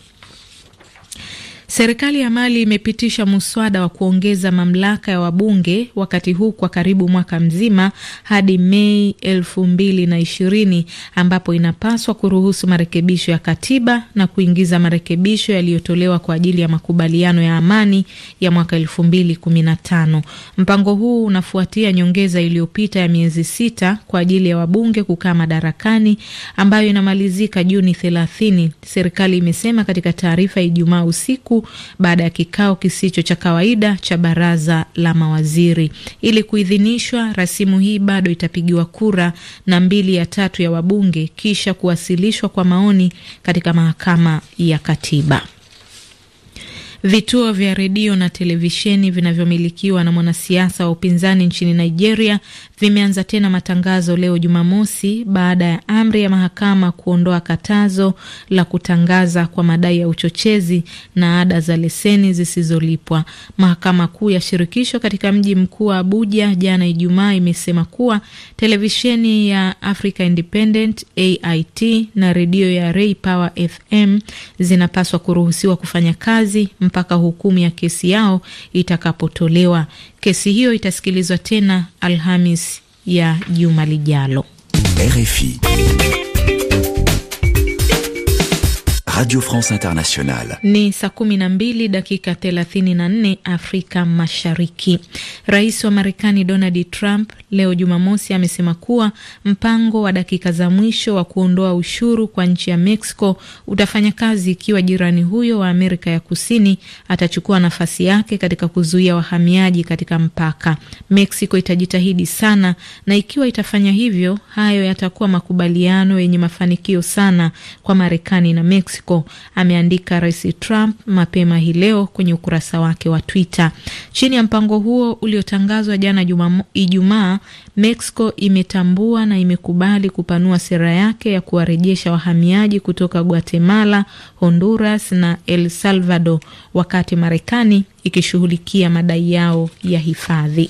Serikali ya Mali imepitisha muswada wa kuongeza mamlaka ya wabunge wakati huu kwa karibu mwaka mzima hadi Mei elfu mbili na ishirini ambapo inapaswa kuruhusu marekebisho ya katiba na kuingiza marekebisho yaliyotolewa kwa ajili ya makubaliano ya amani ya mwaka elfu mbili kumi na tano. Mpango huu unafuatia nyongeza iliyopita ya miezi sita kwa ajili ya wabunge kukaa madarakani ambayo inamalizika Juni thelathini, serikali imesema katika taarifa ya Ijumaa usiku baada ya kikao kisicho cha kawaida cha baraza la mawaziri. Ili kuidhinishwa, rasimu hii bado itapigiwa kura na mbili ya tatu ya wabunge kisha kuwasilishwa kwa maoni katika mahakama ya katiba. Vituo vya redio na televisheni vinavyomilikiwa na mwanasiasa wa upinzani nchini Nigeria vimeanza tena matangazo leo Jumamosi baada ya amri ya mahakama kuondoa katazo la kutangaza kwa madai ya uchochezi na ada za leseni zisizolipwa. Mahakama Kuu ya Shirikisho katika mji mkuu wa Abuja jana Ijumaa imesema kuwa televisheni ya Africa Independent AIT na redio ya Ray Power FM zinapaswa kuruhusiwa kufanya kazi mpaka hukumu ya kesi yao itakapotolewa. Kesi hiyo itasikilizwa tena Alhamis ya juma lijalo. RFI Radio France Internationale. Ni saa 12 dakika 34 Afrika Mashariki. Rais wa Marekani Donald Trump leo Jumamosi amesema kuwa mpango wa dakika za mwisho wa kuondoa ushuru kwa nchi ya Mexico utafanya kazi ikiwa jirani huyo wa Amerika ya Kusini atachukua nafasi yake katika kuzuia wahamiaji katika mpaka. Mexico itajitahidi sana na ikiwa itafanya hivyo, hayo yatakuwa makubaliano yenye mafanikio sana kwa Marekani na Mexico Moscow, ameandika Rais Trump mapema hii leo kwenye ukurasa wake wa Twitter. Chini ya mpango huo uliotangazwa jana Ijumaa, Mexico imetambua na imekubali kupanua sera yake ya kuwarejesha wahamiaji kutoka Guatemala, Honduras na El Salvador, wakati Marekani ikishughulikia madai yao ya hifadhi.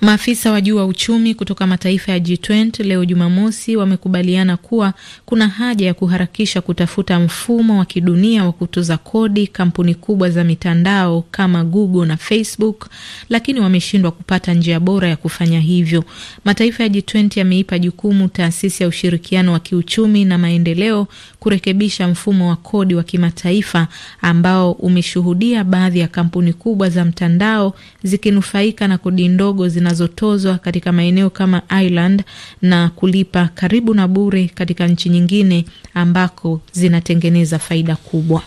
Maafisa wa juu wa uchumi kutoka mataifa ya G20 leo Jumamosi wamekubaliana kuwa kuna haja ya kuharakisha kutafuta mfumo wa kidunia wa kutoza kodi kampuni kubwa za mitandao kama Google na Facebook, lakini wameshindwa kupata njia bora ya kufanya hivyo. Mataifa ya G20 yameipa jukumu taasisi ya ushirikiano wa kiuchumi na maendeleo kurekebisha mfumo wa kodi wa kimataifa ambao umeshuhudia baadhi ya kampuni kubwa za mtandao zikinufaika na kodi ndogo zina zinazotozwa katika maeneo kama Ireland na kulipa karibu na bure katika nchi nyingine ambako zinatengeneza faida kubwa.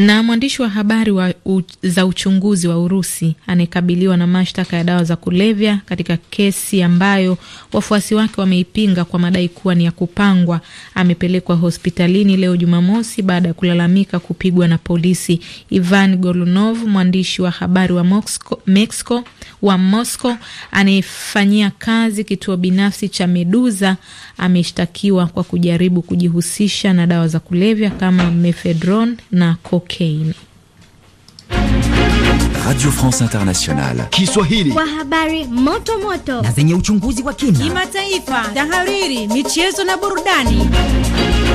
Na mwandishi wa habari wa u, za uchunguzi wa Urusi anayekabiliwa na mashtaka ya dawa za kulevya katika kesi ambayo wafuasi wake wameipinga kwa madai kuwa ni ya kupangwa amepelekwa hospitalini leo Jumamosi baada ya kulalamika kupigwa na polisi. Ivan Golunov, mwandishi wa habari wa Mexico, wa Moscow anayefanyia kazi kituo binafsi cha Meduza ameshtakiwa kwa kujaribu kujihusisha na dawa za kulevya kama mefedron na coke. Cocaine. Radio France Internationale. Kiswahili. Kwa habari moto moto na zenye uchunguzi wa kina, kimataifa, tahariri, michezo na burudani.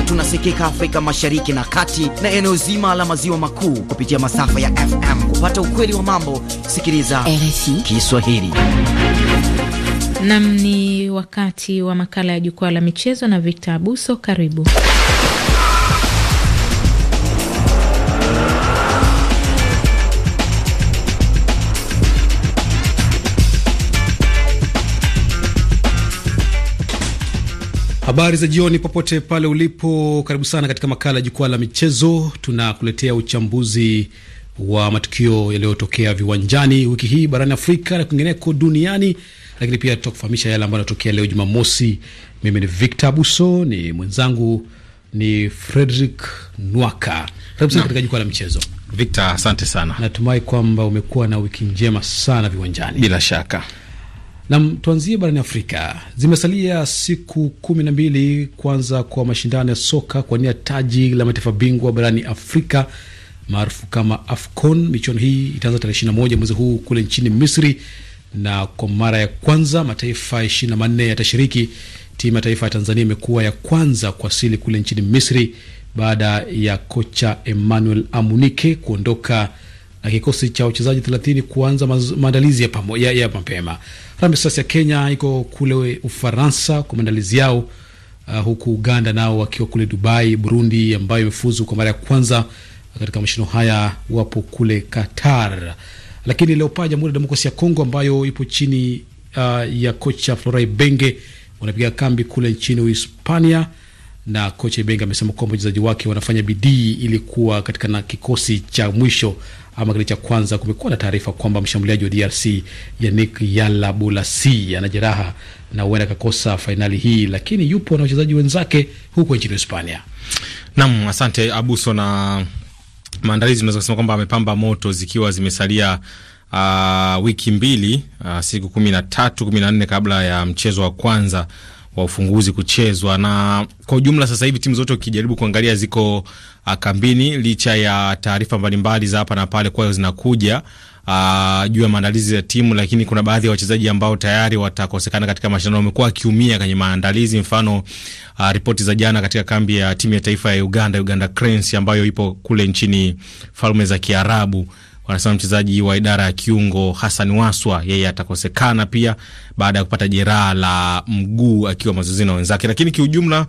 Tunasikika Afrika Mashariki na Kati na eneo zima la maziwa makuu kupitia masafa ya FM. Kupata ukweli wa mambo, sikiliza RFI Kiswahili. Nam, ni wakati wa makala ya jukwaa la michezo na Victor Abuso, karibu. Habari za jioni popote pale ulipo, karibu sana katika makala ya jukwaa la michezo. Tunakuletea uchambuzi wa matukio yaliyotokea viwanjani wiki hii barani Afrika na kwingineko duniani, lakini pia tutakufahamisha yale ambayo yanatokea leo Jumamosi. Mimi ni Victor Buso, ni mwenzangu ni Frederick Nwaka. Karibu sana katika jukwaa la michezo Victor. Asante sana, natumai kwamba umekuwa na wiki njema sana viwanjani. Bila shaka Nam, tuanzie barani Afrika. Zimesalia siku kumi na mbili kwanza kwa mashindano ya soka kwa nia taji la mataifa bingwa barani Afrika maarufu kama AFCON. Michuano hii itaanza tarehe moja mwezi huu kule nchini Misri, na kwa mara ya kwanza mataifa manne yatashiriki. Timu ya taifa ya Tanzania imekuwa ya kwanza kuwasili kule nchini Misri baada ya kocha Emmanuel Amunike kuondoka na kikosi cha wachezaji 30 kuanza maandalizi ya, ya, ya mapema. Harambee Stars ya Kenya iko kule Ufaransa kwa maandalizi yao, uh, huku Uganda nao wakiwa kule Dubai. Burundi ambayo imefuzu kwa mara ya kwanza katika mashindano haya wapo kule Qatar. Lakini leo paa Jamhuri ya Demokrasia ya Kongo ambayo ipo chini uh, ya kocha Florai Benge wanapiga kambi kule nchini Uhispania na kocha Ibenge amesema kwamba wachezaji wake wanafanya bidii ili kuwa katika na kikosi cha mwisho ama kile cha kwanza, kumekuwa na taarifa kwamba mshambuliaji wa DRC Yannick Yala Bolasi ana jeraha na huenda akakosa fainali hii, lakini yupo na wachezaji wenzake huko nchini Hispania. Nam, asante Abuso. Na maandalizi unaweza kusema kwamba amepamba moto zikiwa zimesalia uh, wiki mbili uh, siku kumi na tatu kumi na nne kabla ya mchezo wa kwanza wa ufunguzi kuchezwa. Na kwa ujumla sasa hivi timu zote ukijaribu kuangalia ziko Ah, kambini, licha ya taarifa mbalimbali za hapa na pale kwa zinakuja ah, juu ya maandalizi ya timu, lakini kuna baadhi ya wachezaji ambao tayari watakosekana katika mashindano, wamekuwa wakiumia kwenye maandalizi. Mfano uh, ripoti za jana katika kambi ya timu ya taifa ya Uganda, Uganda Cranes, ambayo ipo kule nchini Falme za Kiarabu, wanasema mchezaji wa idara ya kiungo Hassan Waswa yeye atakosekana pia baada ya kupata jeraha la mguu akiwa mazoezini na wenzake, lakini kiujumla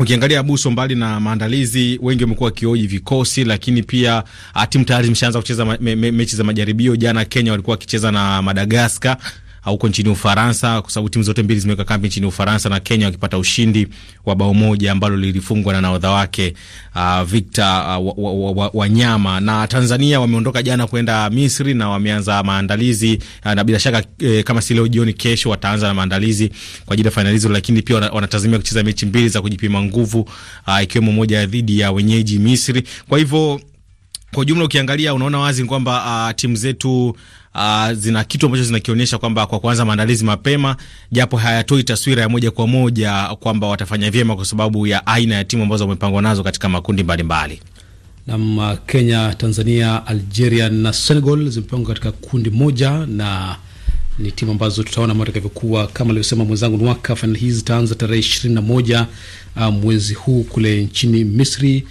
Ukiangalia Abuso, mbali na maandalizi, wengi wamekuwa wakioji vikosi, lakini pia ah, timu tayari zimeshaanza kucheza me, me, mechi za majaribio. Jana Kenya walikuwa wakicheza na Madagaskar huko nchini Ufaransa, kwa sababu timu zote mbili zimeweka kambi nchini Ufaransa, na Kenya wakipata ushindi wa bao moja ambalo lilifungwa na nahodha wake uh, Victor uh, Wanyama wa, wa, wa na Tanzania wameondoka jana kwenda Misri na wameanza maandalizi uh, na bila shaka eh, kama si leo jioni, kesho wataanza na maandalizi kwa ajili ya fainali hizo, lakini pia wanatazamia kucheza mechi mbili za kujipima nguvu uh, ikiwemo moja dhidi ya wenyeji Misri. Kwa hivyo kwa ujumla ukiangalia unaona wazi kwamba uh, timu zetu uh, zina kitu ambacho zinakionyesha kwamba kwa kuanza maandalizi mapema, japo hayatoi taswira ya moja kwa moja kwamba watafanya vyema kwa sababu ya aina ya timu ambazo wamepangwa nazo katika makundi mbalimbali. Nam ah, Kenya, Tanzania, Algeria na Senegal zimepangwa katika kundi moja na ni timu ambazo tutaona mara itakavyokuwa. Kama alivyosema mwenzangu Nwaka, fainali hizi zitaanza tarehe ishirini na moja uh, mwezi huu kule nchini Misri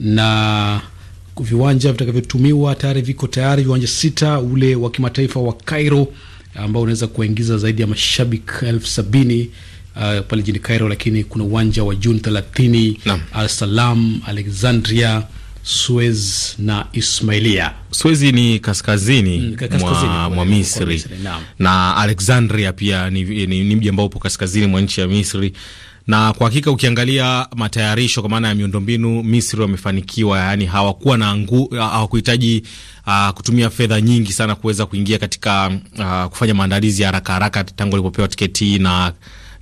na viwanja vitakavyotumiwa tayari viko tayari, viwanja sita, ule wa kimataifa wa Cairo ambao unaweza kuingiza zaidi ya mashabiki elfu sabini uh, pale jini Cairo, lakini kuna uwanja wa Juni 30 Al Salam, Alexandria, Suez na Ismailia. Suez ni kaskazini, mm, kaskazini mwa, mwa Misri na Alexandria pia ni, ni, ni mji ambao upo kaskazini mwa nchi ya Misri na kwa hakika ukiangalia matayarisho kwa maana ya miundombinu, Misri wamefanikiwa, yani hawakuwa na angu, hawakuhitaji uh, kutumia fedha nyingi sana kuweza kuingia katika uh, kufanya maandalizi ya haraka haraka tangu walipopewa tiketi na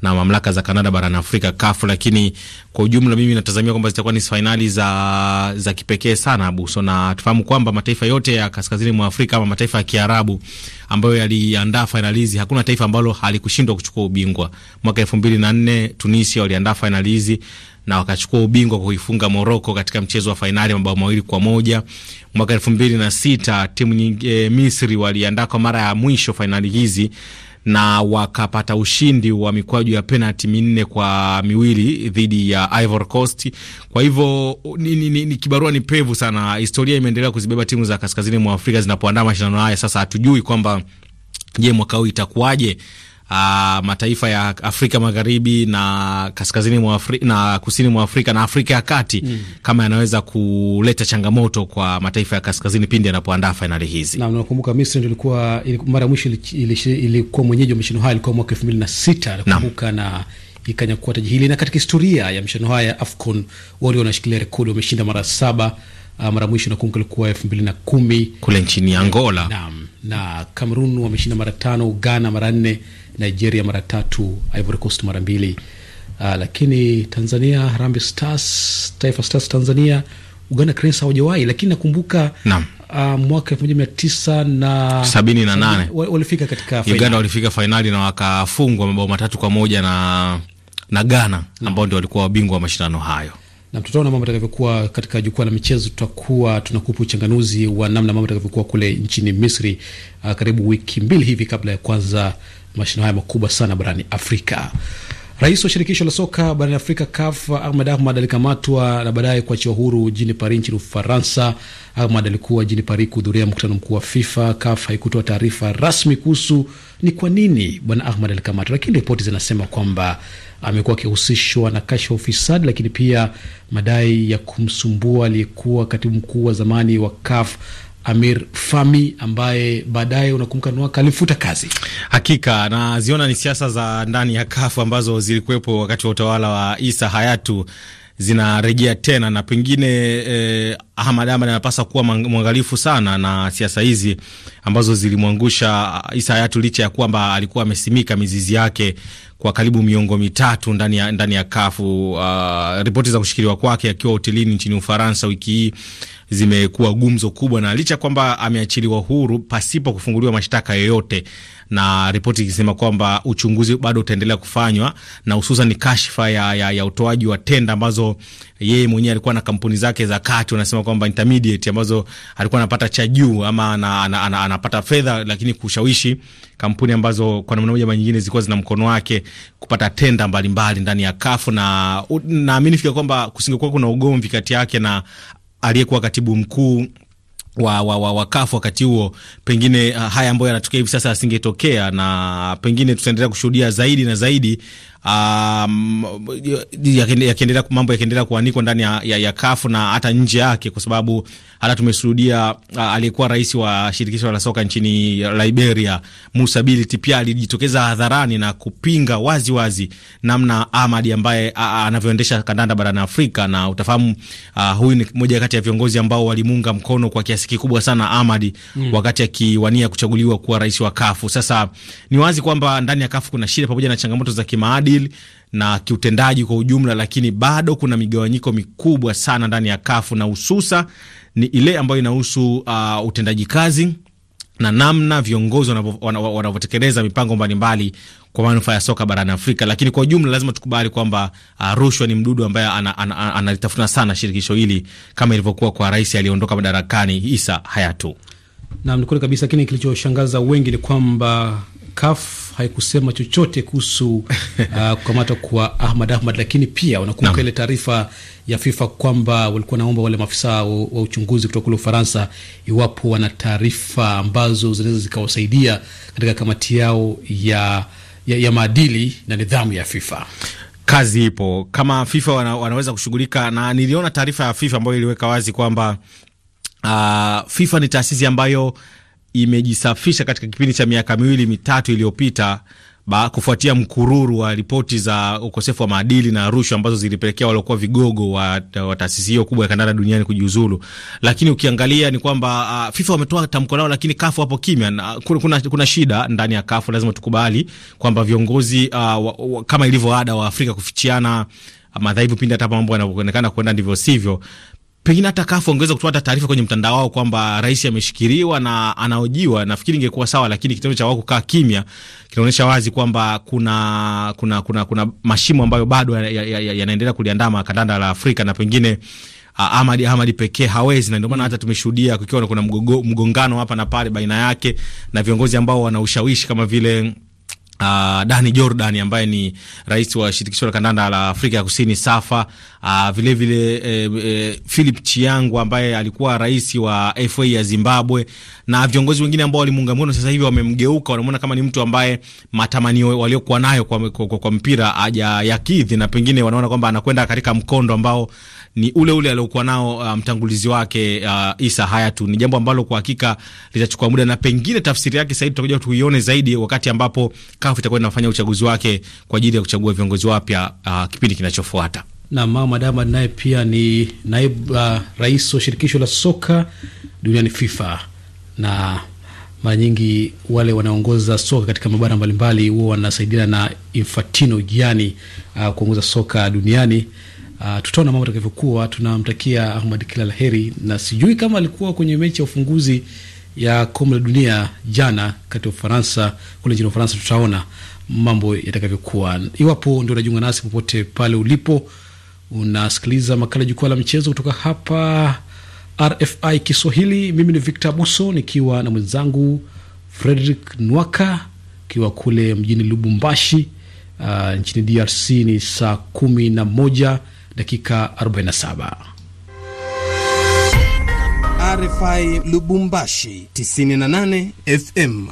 na mamlaka za Kanada barani Afrika CAF, lakini kwa ujumla mimi natazamia kwamba zitakuwa ni fainali za, za kipekee sana Buso, na tufahamu kwamba mataifa yote ya kaskazini mwa Afrika ama mataifa ya Kiarabu ambayo yaliandaa fainali hizi, hakuna taifa ambalo halikushindwa kuchukua ubingwa. Mwaka elfu mbili na nne Tunisia waliandaa fainali hizi na wakachukua ubingwa kwa kuifunga Moroko katika mchezo wa fainali mabao mawili kwa moja. Mwaka elfu mbili na sita timu nyingi, e, Misri waliandaa kwa mara ya mwisho fainali hizi na wakapata ushindi wa mikwaju ya penalti minne kwa miwili dhidi ya Ivory Coast. Kwa hivyo ni, ni, ni, ni kibarua ni pevu sana. Historia imeendelea kuzibeba timu za kaskazini mwa Afrika zinapoandaa mashindano haya. Sasa hatujui kwamba je, mwaka huu itakuwaje? uh, mataifa ya Afrika Magharibi na kaskazini mwa Afrika, na kusini mwa Afrika na Afrika ya Kati mm. kama yanaweza kuleta changamoto kwa mataifa ya kaskazini pindi yanapoandaa fainali hizi. Na unakumbuka Misri ndio ilikuwa mara ya mwisho ilikuwa mwenyeji wa mashindano haya ilikuwa mwaka 2006 nakumbuka na ikanyakua taji hili, na katika historia ya mashindano haya ya AFCON walio wanashikilia rekodi wameshinda mara saba. Uh, mara mwisho nakumbuka ilikuwa elfu mbili na kumi kule nchini Angola. na, na Kamerun wameshinda mara tano, Ghana mara nne Nigeria mara tatu, Ivory Coast mara mbili. Uh, lakini Tanzania Harambee Stars, Taifa Stars Tanzania, Uganda Cranes hawajawahi, lakini nakumbuka naam Uh, mwaka elfu moja mia tisa na sabini na nane walifika katika finali. Uganda walifika fainali na wakafungwa mabao matatu kwa moja na, na Ghana ambao ndio walikuwa wabingwa wa mashindano hayo. Na tutaona mambo atakavyokuwa katika jukwaa la michezo, tutakuwa tunakupa uchanganuzi wa namna mambo atakavyokuwa kule nchini Misri, uh, karibu wiki mbili hivi kabla ya kwanza mashindano haya makubwa sana barani Afrika. Rais wa shirikisho la soka barani Afrika CAF Ahmed Ahmad alikamatwa na baadaye kuachiwa huru jini Paris nchini Ufaransa. Ahmad alikuwa jini Paris kuhudhuria mkutano mkuu wa FIFA. CAF haikutoa taarifa rasmi kuhusu ni kwa nini bwana Ahmad alikamatwa, lakini ripoti zinasema kwamba amekuwa akihusishwa na kashfa ya ufisadi, lakini pia madai ya kumsumbua aliyekuwa katibu mkuu wa zamani wa CAF Amir Fami ambaye baadaye unakumbuka ni alifuta kazi. Hakika naziona ni siasa za ndani ya kafu ambazo zilikuwepo wakati wa utawala wa Isa Hayatu zinarejea tena na pengine eh, Ahmad Ahmad anapaswa kuwa mwangalifu sana na siasa hizi ambazo zilimwangusha uh, Isa Hayatu licha ya kwamba alikuwa amesimika mizizi yake kwa karibu miongo mitatu ndani ya, ndani ya kafu. Uh, ripoti za kushikiliwa kwake akiwa hotelini nchini Ufaransa wiki hii zimekuwa gumzo kubwa, na licha kwamba ameachiliwa huru pasipo kufunguliwa mashtaka yoyote, na ripoti ikisema kwamba uchunguzi bado utaendelea kufanywa na hususan kashfa ya, ya, ya utoaji wa tenda ambazo yeye mwenyewe alikuwa na kampuni zake za kati, wanasema kwamba intermediate ambazo alikuwa anapata cha juu ama anapata ana, ana, ana, fedha, lakini kushawishi kampuni ambazo kwa namna moja ama nyingine zilikuwa zina mkono wake kupata tenda mbalimbali ndani ya kafu, na naamini fika kwamba kusingekuwa kuna ugomvi kati yake na aliyekuwa katibu mkuu wa, wa, wa, wakafu wakati huo, pengine uh, haya ambayo yanatokea hivi sasa asingetokea, na pengine tutaendelea kushuhudia zaidi na zaidi Um, yakiendelea ya mambo yakiendelea kuanikwa ndani ya, ya, ya kafu na hata nje yake, kwa sababu hata tumeshuhudia uh, aliyekuwa rais wa shirikisho la soka nchini Liberia Musa Bility pia alijitokeza hadharani na kupinga waziwazi wazi namna Ahmadi ambaye uh, anavyoendesha kandanda barani Afrika, na utafahamu uh, huyu ni moja kati ya viongozi ambao walimuunga mkono kwa kiasi kikubwa sana Ahmadi mm, wakati akiwania kuchaguliwa kuwa rais wa kafu. Sasa ni wazi kwamba ndani ya kafu kuna shida pamoja na changamoto za kimaadili kimaadili na kiutendaji kwa ujumla, lakini bado kuna migawanyiko mikubwa sana ndani ya kafu na hususa ni ile ambayo inahusu uh, utendaji kazi na namna viongozi wanavyotekeleza mipango mbalimbali kwa manufaa ya soka barani Afrika. Lakini kwa ujumla lazima tukubali kwamba uh, rushwa ni mdudu ambaye analitafuna ana, ana, ana sana shirikisho hili kama ilivyokuwa kwa rais aliyeondoka madarakani Isa Hayatu. Naam, ni kweli kabisa, lakini kilichoshangaza wengi ni kwamba CAF haikusema chochote kuhusu uh, kukamatwa kwa Ahmad Ahmad, lakini pia unakumbuka ile taarifa ya FIFA kwamba walikuwa naomba wale maafisa wa uchunguzi kutoka kule Ufaransa iwapo wana taarifa ambazo zinaweza zikawasaidia katika kamati yao ya, ya, ya maadili na nidhamu ya FIFA. Kazi ipo kama FIFA wana, wanaweza kushughulika na niliona taarifa ya FIFA ambayo iliweka wazi kwamba Uh, FIFA ni taasisi ambayo imejisafisha katika kipindi cha miaka miwili mitatu iliyopita ba, kufuatia mkururu wa ripoti za ukosefu wa maadili na rushwa ambazo zilipelekea waliokuwa vigogo wa, wa taasisi hiyo kubwa ya kandanda duniani kujiuzulu. Lakini ukiangalia ni kwamba uh, FIFA wametoa tamko lao, lakini kafu hapo kimya na, kuna, kuna shida ndani ya kafu. Lazima tukubali kwamba viongozi uh, wa, wa, kama ilivyo ada wa Afrika kufichiana uh, madhaifu pindi hata mambo yanaonekana kwenda ndivyo sivyo pengine hata kafu angeweza kutoa hata taarifa kwenye mtandao wao kwamba rais ameshikiliwa na anaojiwa, nafikiri ingekuwa sawa, lakini kitendo cha wao kukaa kimya kinaonyesha wazi kwamba kuna kuna kuna, kuna mashimo ambayo bado yanaendelea ya, ya, ya kuliandama kandanda la Afrika na pengine Ahmad Ahmad pekee hawezi, na ndio maana hata tumeshuhudia kukiwa kuna mgongano hapa na pale baina yake na viongozi ambao wana ushawishi kama vile Uh, Dani Jordan ambaye ni rais wa shirikisho la kandanda la Afrika ya Kusini SAFA, uh, vile vile uh, eh, Philip Chiangu ambaye alikuwa rais wa FA ya Zimbabwe na viongozi wengine ambao walimuunga mkono, sasa hivi wamemgeuka, wanamuona kama ni mtu ambaye matamanio waliokuwa nayo kwa, kwa, kwa, kwa mpira hajayakidhi, na pengine wanaona kwamba anakwenda katika mkondo ambao ni ule ule aliokuwa nao uh, mtangulizi wake uh, Isa Hayatu. Ni jambo ambalo kwa hakika litachukua muda na pengine tafsiri yake sasa tutakuja tuione zaidi wakati ambapo kafu itakuwa inafanya uchaguzi wake kwa ajili ya kuchagua viongozi wapya uh, kipindi kinachofuata. Na Mohamed Ahmad naye pia ni naibu uh, rais wa shirikisho la soka duniani FIFA, na mara nyingi wale wanaongoza soka katika mabara mbalimbali huwa wanasaidiana na Infantino Gianni uh, kuongoza soka duniani. Uh, tutaona mambo atakavyokuwa. Tunamtakia Ahmad kila la heri, na sijui kama alikuwa kwenye mechi ya ufunguzi ya kombe la dunia jana kati ya Ufaransa kule nchini Ufaransa. Tutaona mambo yatakavyokuwa. Iwapo ndio unajiunga nasi popote pale ulipo, unasikiliza makala jukwaa la mchezo kutoka hapa RFI Kiswahili. Mimi ni Victor Buso nikiwa na mwenzangu Frederick Nwaka akiwa kule mjini Lubumbashi uh, nchini DRC. Ni saa kumi na moja dakika 47 RFI Lubumbashi 98 FM.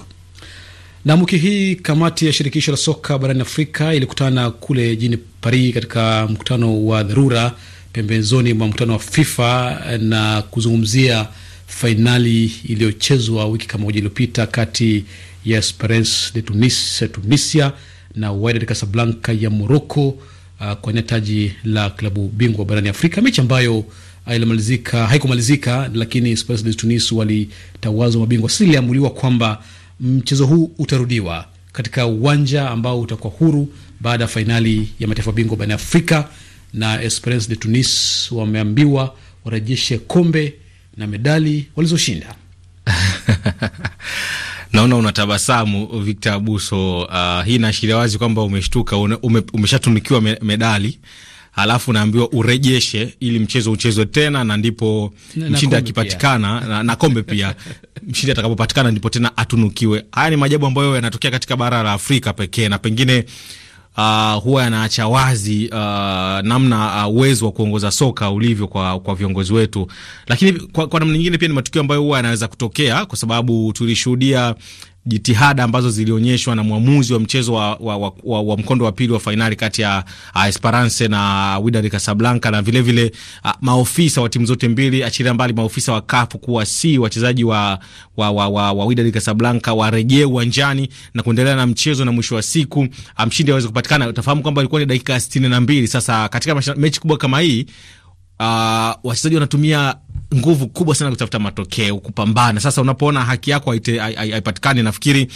Na wiki hii kamati ya shirikisho la soka barani Afrika ilikutana kule jijini Paris katika mkutano wa dharura pembezoni mwa mkutano wa FIFA na kuzungumzia fainali iliyochezwa wiki kama moja iliyopita kati ya Esperance de Tunis, Tunisia na Wydad Casablanca ya Morocco uh, kwa taji la klabu bingwa barani Afrika, mechi ambayo ilimalizika haikumalizika, lakini Esperance de Tunis walitawazwa mabingwa. Sasa iliamuliwa kwamba mchezo huu utarudiwa katika uwanja ambao utakuwa huru baada ya fainali ya mataifa bingwa barani Afrika, na Esperance de Tunis wameambiwa warejeshe kombe na medali walizoshinda. Naona unatabasamu Victor Abuso. Uh, hii inaashiria wazi kwamba umeshtuka, ume, umeshatunukiwa medali alafu naambiwa urejeshe ili mchezo uchezwe tena, na ndipo mshindi akipatikana na, na kombe pia mshindi atakapopatikana ndipo tena atunukiwe. Haya ni majabu ambayo yanatokea katika bara la Afrika pekee na pengine Uh, huwa yanaacha wazi uh, namna uh, uwezo uh, wa kuongoza soka ulivyo kwa, kwa viongozi wetu, lakini kwa, kwa namna nyingine pia ni matukio ambayo huwa yanaweza kutokea, kwa sababu tulishuhudia jitihada ambazo zilionyeshwa na mwamuzi wa mchezo wa, wa, wa, wa, wa mkondo wa pili wa fainali kati ya uh, Esperance na Wydad Casablanca na vilevile vile, uh, maofisa wa timu zote mbili, achilia mbali maofisa wa CAF kuwa si wachezaji wa, wa, wa, wa, wa Wydad Casablanca warejee uwanjani na kuendelea na mchezo, na mwisho wa siku um, mshindi aweze kupatikana. Utafahamu kwamba ilikuwa ni dakika sitini na mbili. Sasa katika mechi kubwa kama hii uh, wachezaji wanatumia nguvu kubwa sana kutafuta matokeo, kupambana. Sasa unapoona haki yako haipatikani, nafikiri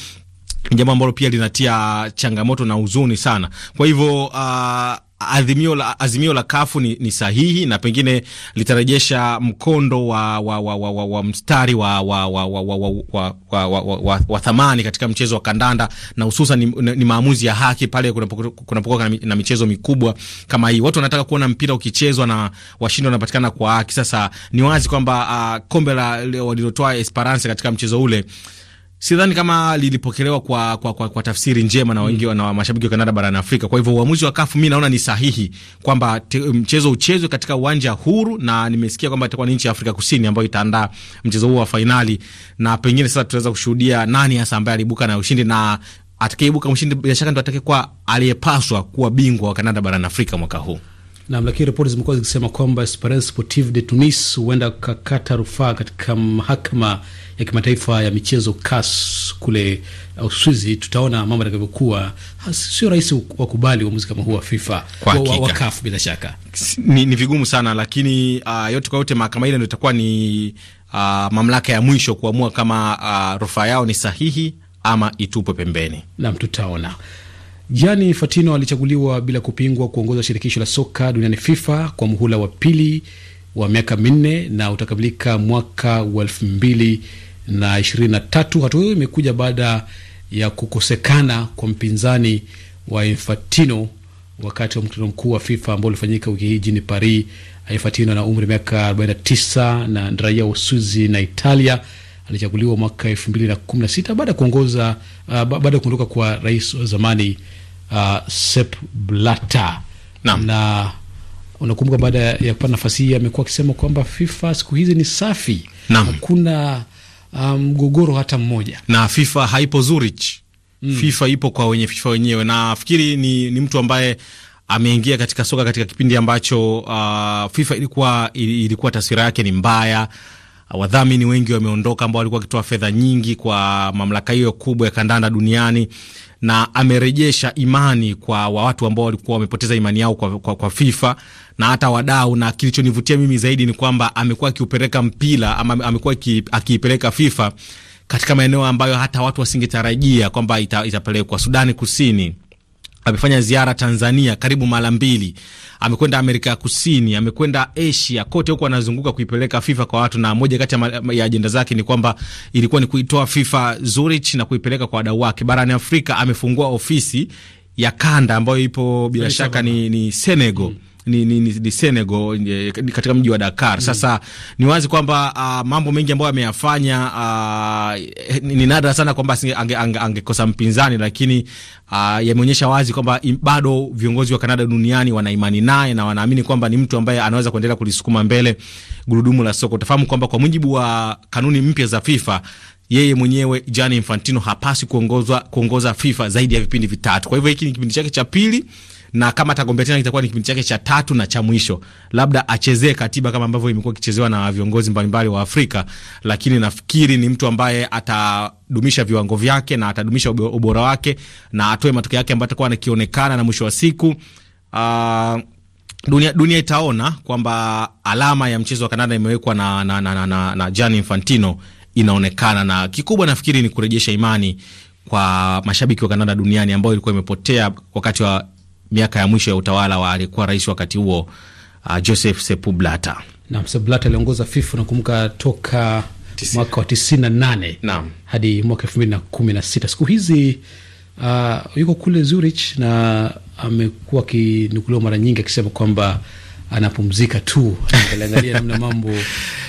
jambo ambalo pia linatia changamoto na huzuni sana. Kwa hivyo uh, azimio la, azimio la kafu ni, ni sahihi na pengine litarejesha mkondo wa, wa, wa, wa, wa, wa mstari wa, wa, wa, wa, wa, wa, wa, wa, wa thamani katika mchezo wa kandanda na hususan ni, ni maamuzi ya haki pale kunapokuwa na michezo mikubwa kama hii. Watu wanataka kuona mpira ukichezwa na washindi wanapatikana kwa haki. Sasa ni wazi kwamba uh, kombe la walilotoa Esperance katika mchezo ule sidhani kama lilipokelewa kwa, kwa, kwa, kwa tafsiri njema na wengi mm. na mashabiki wa Kanada barani Afrika. Kwa hivyo uamuzi wa kafu mi naona ni sahihi kwamba mchezo uchezwe katika uwanja huru, na nimesikia kwamba itakuwa ni nchi ya Afrika Kusini ambayo itaandaa mchezo huo wa fainali, na pengine sasa tutaweza kushuhudia nani hasa ambaye aliibuka na ushindi na atakayeibuka mshindi bila shaka ndo atakayekuwa aliyepaswa kuwa bingwa wa Kanada barani Afrika mwaka huu. Nam, lakini ripoti zimekuwa zikisema kwamba Esperance Sportive de Tunis huenda kakata rufaa katika mahakama ya kimataifa ya michezo CAS kule Uswizi. Tutaona mambo yatakavyokuwa. Sio rahisi wakubali uamuzi kama huu wa FIFA wa CAF. Bila shaka ni, ni vigumu sana, lakini uh, yote kwa yote mahakama ile ndo itakuwa ni uh, mamlaka ya mwisho kuamua kama uh, rufaa yao ni sahihi ama itupwe pembeni. Nam, tutaona. Jani Infantino alichaguliwa bila kupingwa kuongoza shirikisho la soka duniani FIFA kwa muhula wa pili wa miaka minne na utakamilika mwaka wa elfu mbili na ishirini na tatu. Hatua hiyo imekuja baada ya kukosekana kwa mpinzani wa Infantino wakati wa mkutano mkuu wa FIFA ambao ulifanyika wiki hii jini Paris. Infantino ana umri miaka 49 na raia wa Uswizi na Italia alichaguliwa mwaka sita baada ya kuongoza uh, baada ya kuondoka kwa rais wa zamani uh, Sepp Blatter na, na unakumbuka baada ya kupata nafasi hii amekuwa akisema kwamba FIFA siku hizi ni safi, hakuna uh, mgogoro um, hata mmoja, na FIFA haipo Zurich. Mm. FIFA ipo kwa wenye FIFA wenyewe. fikiri ni, ni mtu ambaye ameingia katika soka katika kipindi ambacho uh, FIFA ilikuwa ilikuwa taswira yake ni mbaya wadhamini wengi wameondoka ambao walikuwa wakitoa fedha nyingi kwa mamlaka hiyo kubwa ya kandanda duniani, na amerejesha imani kwa watu ambao walikuwa wamepoteza imani yao kwa, kwa, kwa FIFA na hata wadau. Na kilichonivutia mimi zaidi ni kwamba amekuwa akiupeleka mpira ama amekuwa akiipeleka FIFA katika maeneo ambayo hata watu wasingetarajia kwamba ita, itapelekwa Sudani Kusini amefanya ziara Tanzania karibu mara mbili, amekwenda Amerika ya Kusini, amekwenda Asia, kote huko anazunguka kuipeleka FIFA kwa watu, na moja kati ya ajenda zake ni kwamba ilikuwa ni kuitoa FIFA Zurich na kuipeleka kwa wadau wake barani Afrika. Amefungua ofisi ya kanda ambayo ipo bila shaka ni, ni Senegal mm ni, ni, ni, ni Senegal ni katika mji wa Dakar. Mm. Sasa ni wazi kwamba uh, mambo mengi ambayo ameyafanya uh, ni nadra sana kwamba angekosa ange, ange, mpinzani, lakini uh, yameonyesha wazi kwamba bado viongozi wa Kanada duniani wana imani naye na wanaamini kwamba ni mtu ambaye anaweza kuendelea kulisukuma mbele gurudumu la soko. Utafahamu kwamba kwa mujibu wa kanuni mpya za FIFA yeye mwenyewe Gianni Infantino hapasi kuongoza kuongoza FIFA zaidi ya vipindi vitatu. Kwa hivyo hiki ni kipindi chake cha pili na kama atagombea tena kitakuwa ni kipindi chake cha tatu na cha mwisho, labda achezee katiba kama ambavyo imekuwa ikichezewa na viongozi mbalimbali wa Afrika, lakini nafikiri ni mtu ambaye atadumisha viwango vyake na atadumisha ubora wake na atoe matokeo yake ambayo atakuwa anakionekana, na mwisho wa siku uh, dunia, dunia itaona kwamba alama ya mchezo wa Kanada imewekwa na, na, na, na, na, na Gianni Infantino inaonekana, na kikubwa nafikiri ni kurejesha imani kwa mashabiki wa Kanada duniani ambayo ilikuwa imepotea wakati wa miaka ya mwisho ya utawala wa aliyekuwa rais wakati huo uh, Joseph Sepublata. Naam, Sepublata aliongoza FIFU nakumbuka toka Tisi. mwaka wa tisini na hadi mwaka elfu mbili na kumi na sita. Siku hizi uh, yuko kule Zurich na amekuwa akinukuliwa mara nyingi akisema kwamba anapumzika tu, angalia namna mambo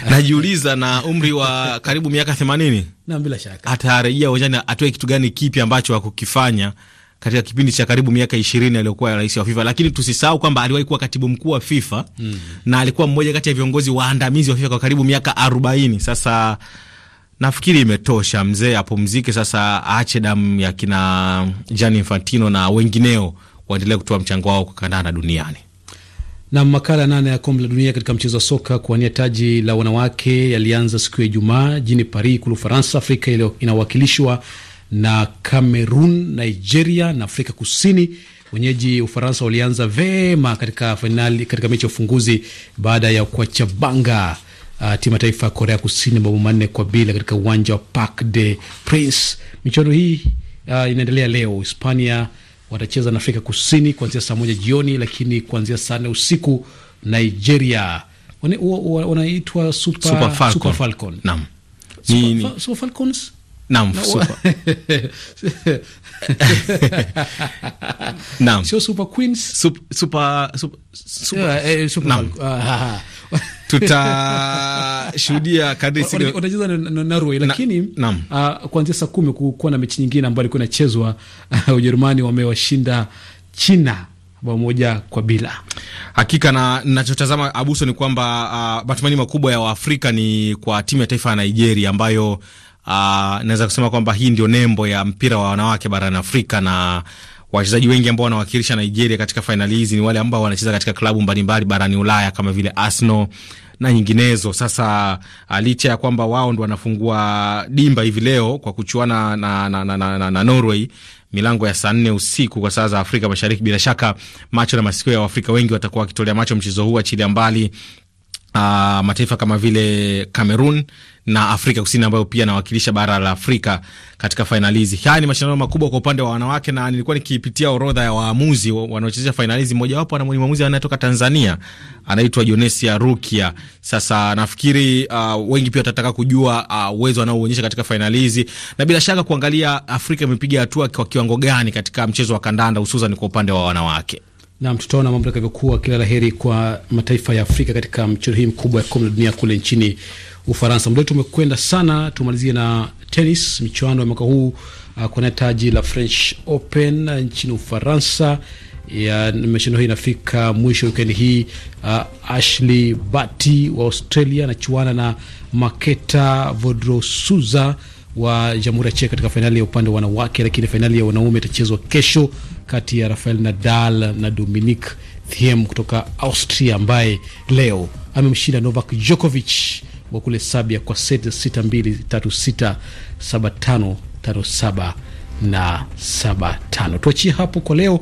najiuliza, na umri wa karibu miaka themanini, na bila shaka atarejea uwanjani, atoe kitu gani kipya ambacho hakukifanya katika kipindi cha karibu miaka ishirini aliyokuwa rais wa FIFA, lakini tusisahau kwamba aliwahi kuwa katibu mkuu wa FIFA mm. na alikuwa mmoja kati ya viongozi waandamizi wa FIFA kwa karibu miaka arobaini. Sasa nafikiri imetosha, mzee apumzike sasa, aache damu ya kina Gianni Infantino na wengineo waendelee kutoa mchango wao kwa kandanda duniani. Na makala nane ya kombe la dunia katika mchezo wa soka kuwania taji la wanawake yalianza siku ya Ijumaa jini Paris kule Ufaransa. Afrika inawakilishwa na Cameroon, Nigeria na Afrika Kusini. Wenyeji Ufaransa walianza vema katika fainali, katika mechi ya ufunguzi baada ya kuachabanga uh, timu ya taifa ya Korea Kusini mabao manne kwa bila katika uwanja wa Parc de Prince. Michuano hii uh, inaendelea leo. Hispania watacheza na Afrika Kusini kuanzia saa moja jioni, lakini kuanzia saa nne usiku Nigeria wanaitwa Super, Super Falcon, Super Falcon. Naam. Super, Fa Super Falcons Naam, super. Naam. Sio super queens. super super eh, super. Naam. Ah, tutashuhudia kadri siku watacheza na Norway, lakini na, uh, ah, kuanzia saa kumi kukuwa na mechi nyingine ambayo ilikuwa inachezwa ah, Ujerumani wamewashinda China bao moja kwa bila. Hakika na nachotazama Abuso ni kwamba uh, matumaini makubwa ya Waafrika ni kwa timu ya taifa ya Nigeria ambayo uh, naweza kusema kwamba hii ndio nembo ya mpira wa wanawake barani Afrika na wachezaji wengi ambao wanawakilisha Nigeria katika fainali hizi ni wale ambao wanacheza katika klabu mbalimbali barani Ulaya kama vile Arsenal na nyinginezo. Sasa ah, licha ya kwamba wao ndo wanafungua dimba hivi leo kwa kuchuana na, na, na, na, na, na Norway milango ya saa nne usiku kwa saa za Afrika Mashariki, bila shaka macho na masikio ya Waafrika wengi watakuwa wakitolea macho mchezo huu, achilia mbali uh, ah, mataifa kama vile Cameroon na Afrika Kusini ambayo pia nawakilisha bara la Afrika katika fainali hizi. Haya ni mashindano makubwa kwa upande wa wanawake, na nilikuwa nikipitia orodha ya waamuzi wanaochezesha fainali hizi. Mmojawapo ni mwamuzi anayetoka Tanzania, anaitwa Jonesia Rukia. Sasa nafikiri uh, wengi pia watataka kujua uh, uwezo uh, anaoonyesha katika fainali hizi, na bila shaka kuangalia Afrika imepiga hatua kwa kiwango gani katika mchezo wa kandanda, hususan kwa upande wa wanawake. Nam, tutaona mambo yatakavyokuwa. Kila la heri kwa mataifa ya Afrika katika mchezo hii mkubwa ya kombe la dunia kule nchini Ufaransa. Muda wetu umekwenda sana, tumalizie na tenis, michuano ya mwaka huu uh, kwenye taji la French Open nchini Ufaransa ya mashindano hii inafika mwisho wikendi hii. Uh, Ashley Barty wa Australia anachuana na maketa vodrosuza wa Jamhuri ya Czech katika fainali ya upande wa wanawake, lakini fainali ya wanaume itachezwa kesho kati ya Rafael Nadal na Dominic Thiem kutoka Austria ambaye leo amemshinda Novak Djokovic wa kule Sabia kwa seti saba na tano. Tuachie hapo kwa leo.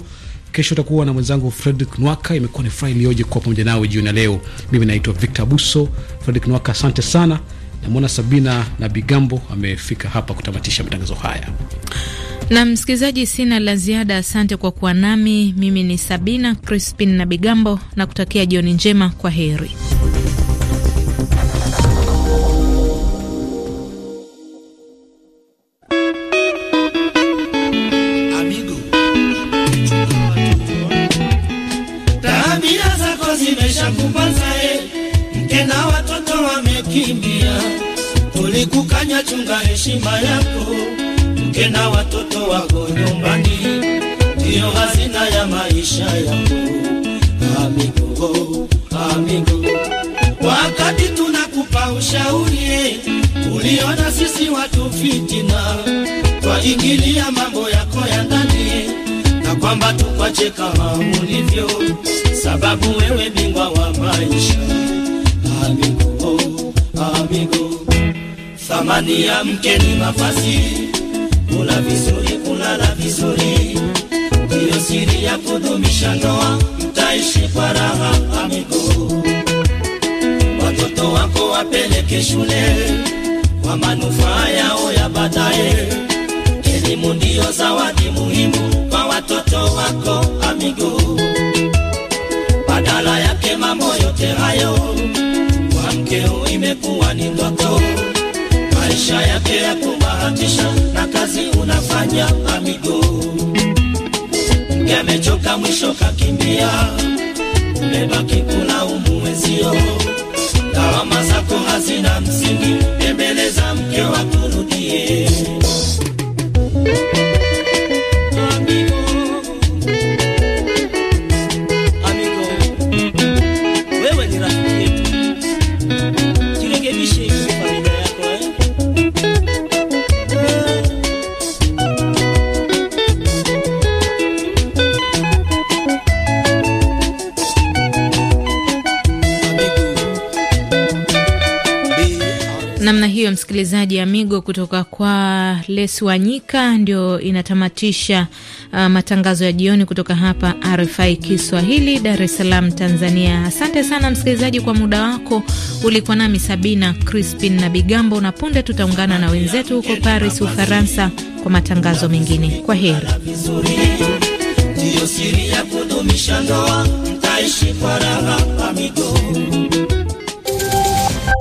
Kesho utakuwa na mwenzangu Fredrick Nwaka. Imekuwa ni furaha iliyoje kuwa pamoja nawe jioni ya leo. Mimi naitwa Victor Buso. Fredrick Nwaka, asante sana. Namwona Sabina na Bigambo amefika hapa kutamatisha matangazo haya. Na msikilizaji, sina la ziada. Asante kwa kuwa nami. Mimi ni Sabina Crispin na Bigambo, na kutakia jioni njema. Kwa heri. heshima yako, mke na watoto wako nyumbani, ndiyo hazina ya maisha yako. Amigo, amigo, wakati tunakupa ushauri, uliona sisi watu fitina, twaingilia mambo yako ya ndani na kwamba tukwache kama ulivyo, sababu wewe bingwa wa maisha. Amigo, amigo Thamani ya mke ni mavazi, kula vizuri, kulala vizuri, ndiyo siri ya kudumisha ndoa, mtaishi kwa raha ya miguu. Watoto wako wapeleke shule kwa manufaa yao ya baadaye. Elimu ndiyo zawadi muhimu kwa watoto wako amigo. Badala yake mambo yote hayo, kwa mkeo imekuwa ni ndoto maisha yake ya kubahatisha na kazi unafanya amigo, yamechoka mwisho kakimbia, umebaki kulaumu umuwezio lawama zako hazina msingi, pembeleza mke kurudie msikilizaji Amigo kutoka kwa Les Wanyika ndio inatamatisha uh, matangazo ya jioni kutoka hapa RFI Kiswahili, Dar es Salaam, Tanzania. Asante sana msikilizaji kwa muda wako. Ulikuwa nami Sabina Crispin na Bigambo, na punde tutaungana na wenzetu huko Paris, Ufaransa, kwa matangazo mengine. Kwa heri. Ndiyo siri ya kudumisha ndoa, mtaishi kwa raha Amigo.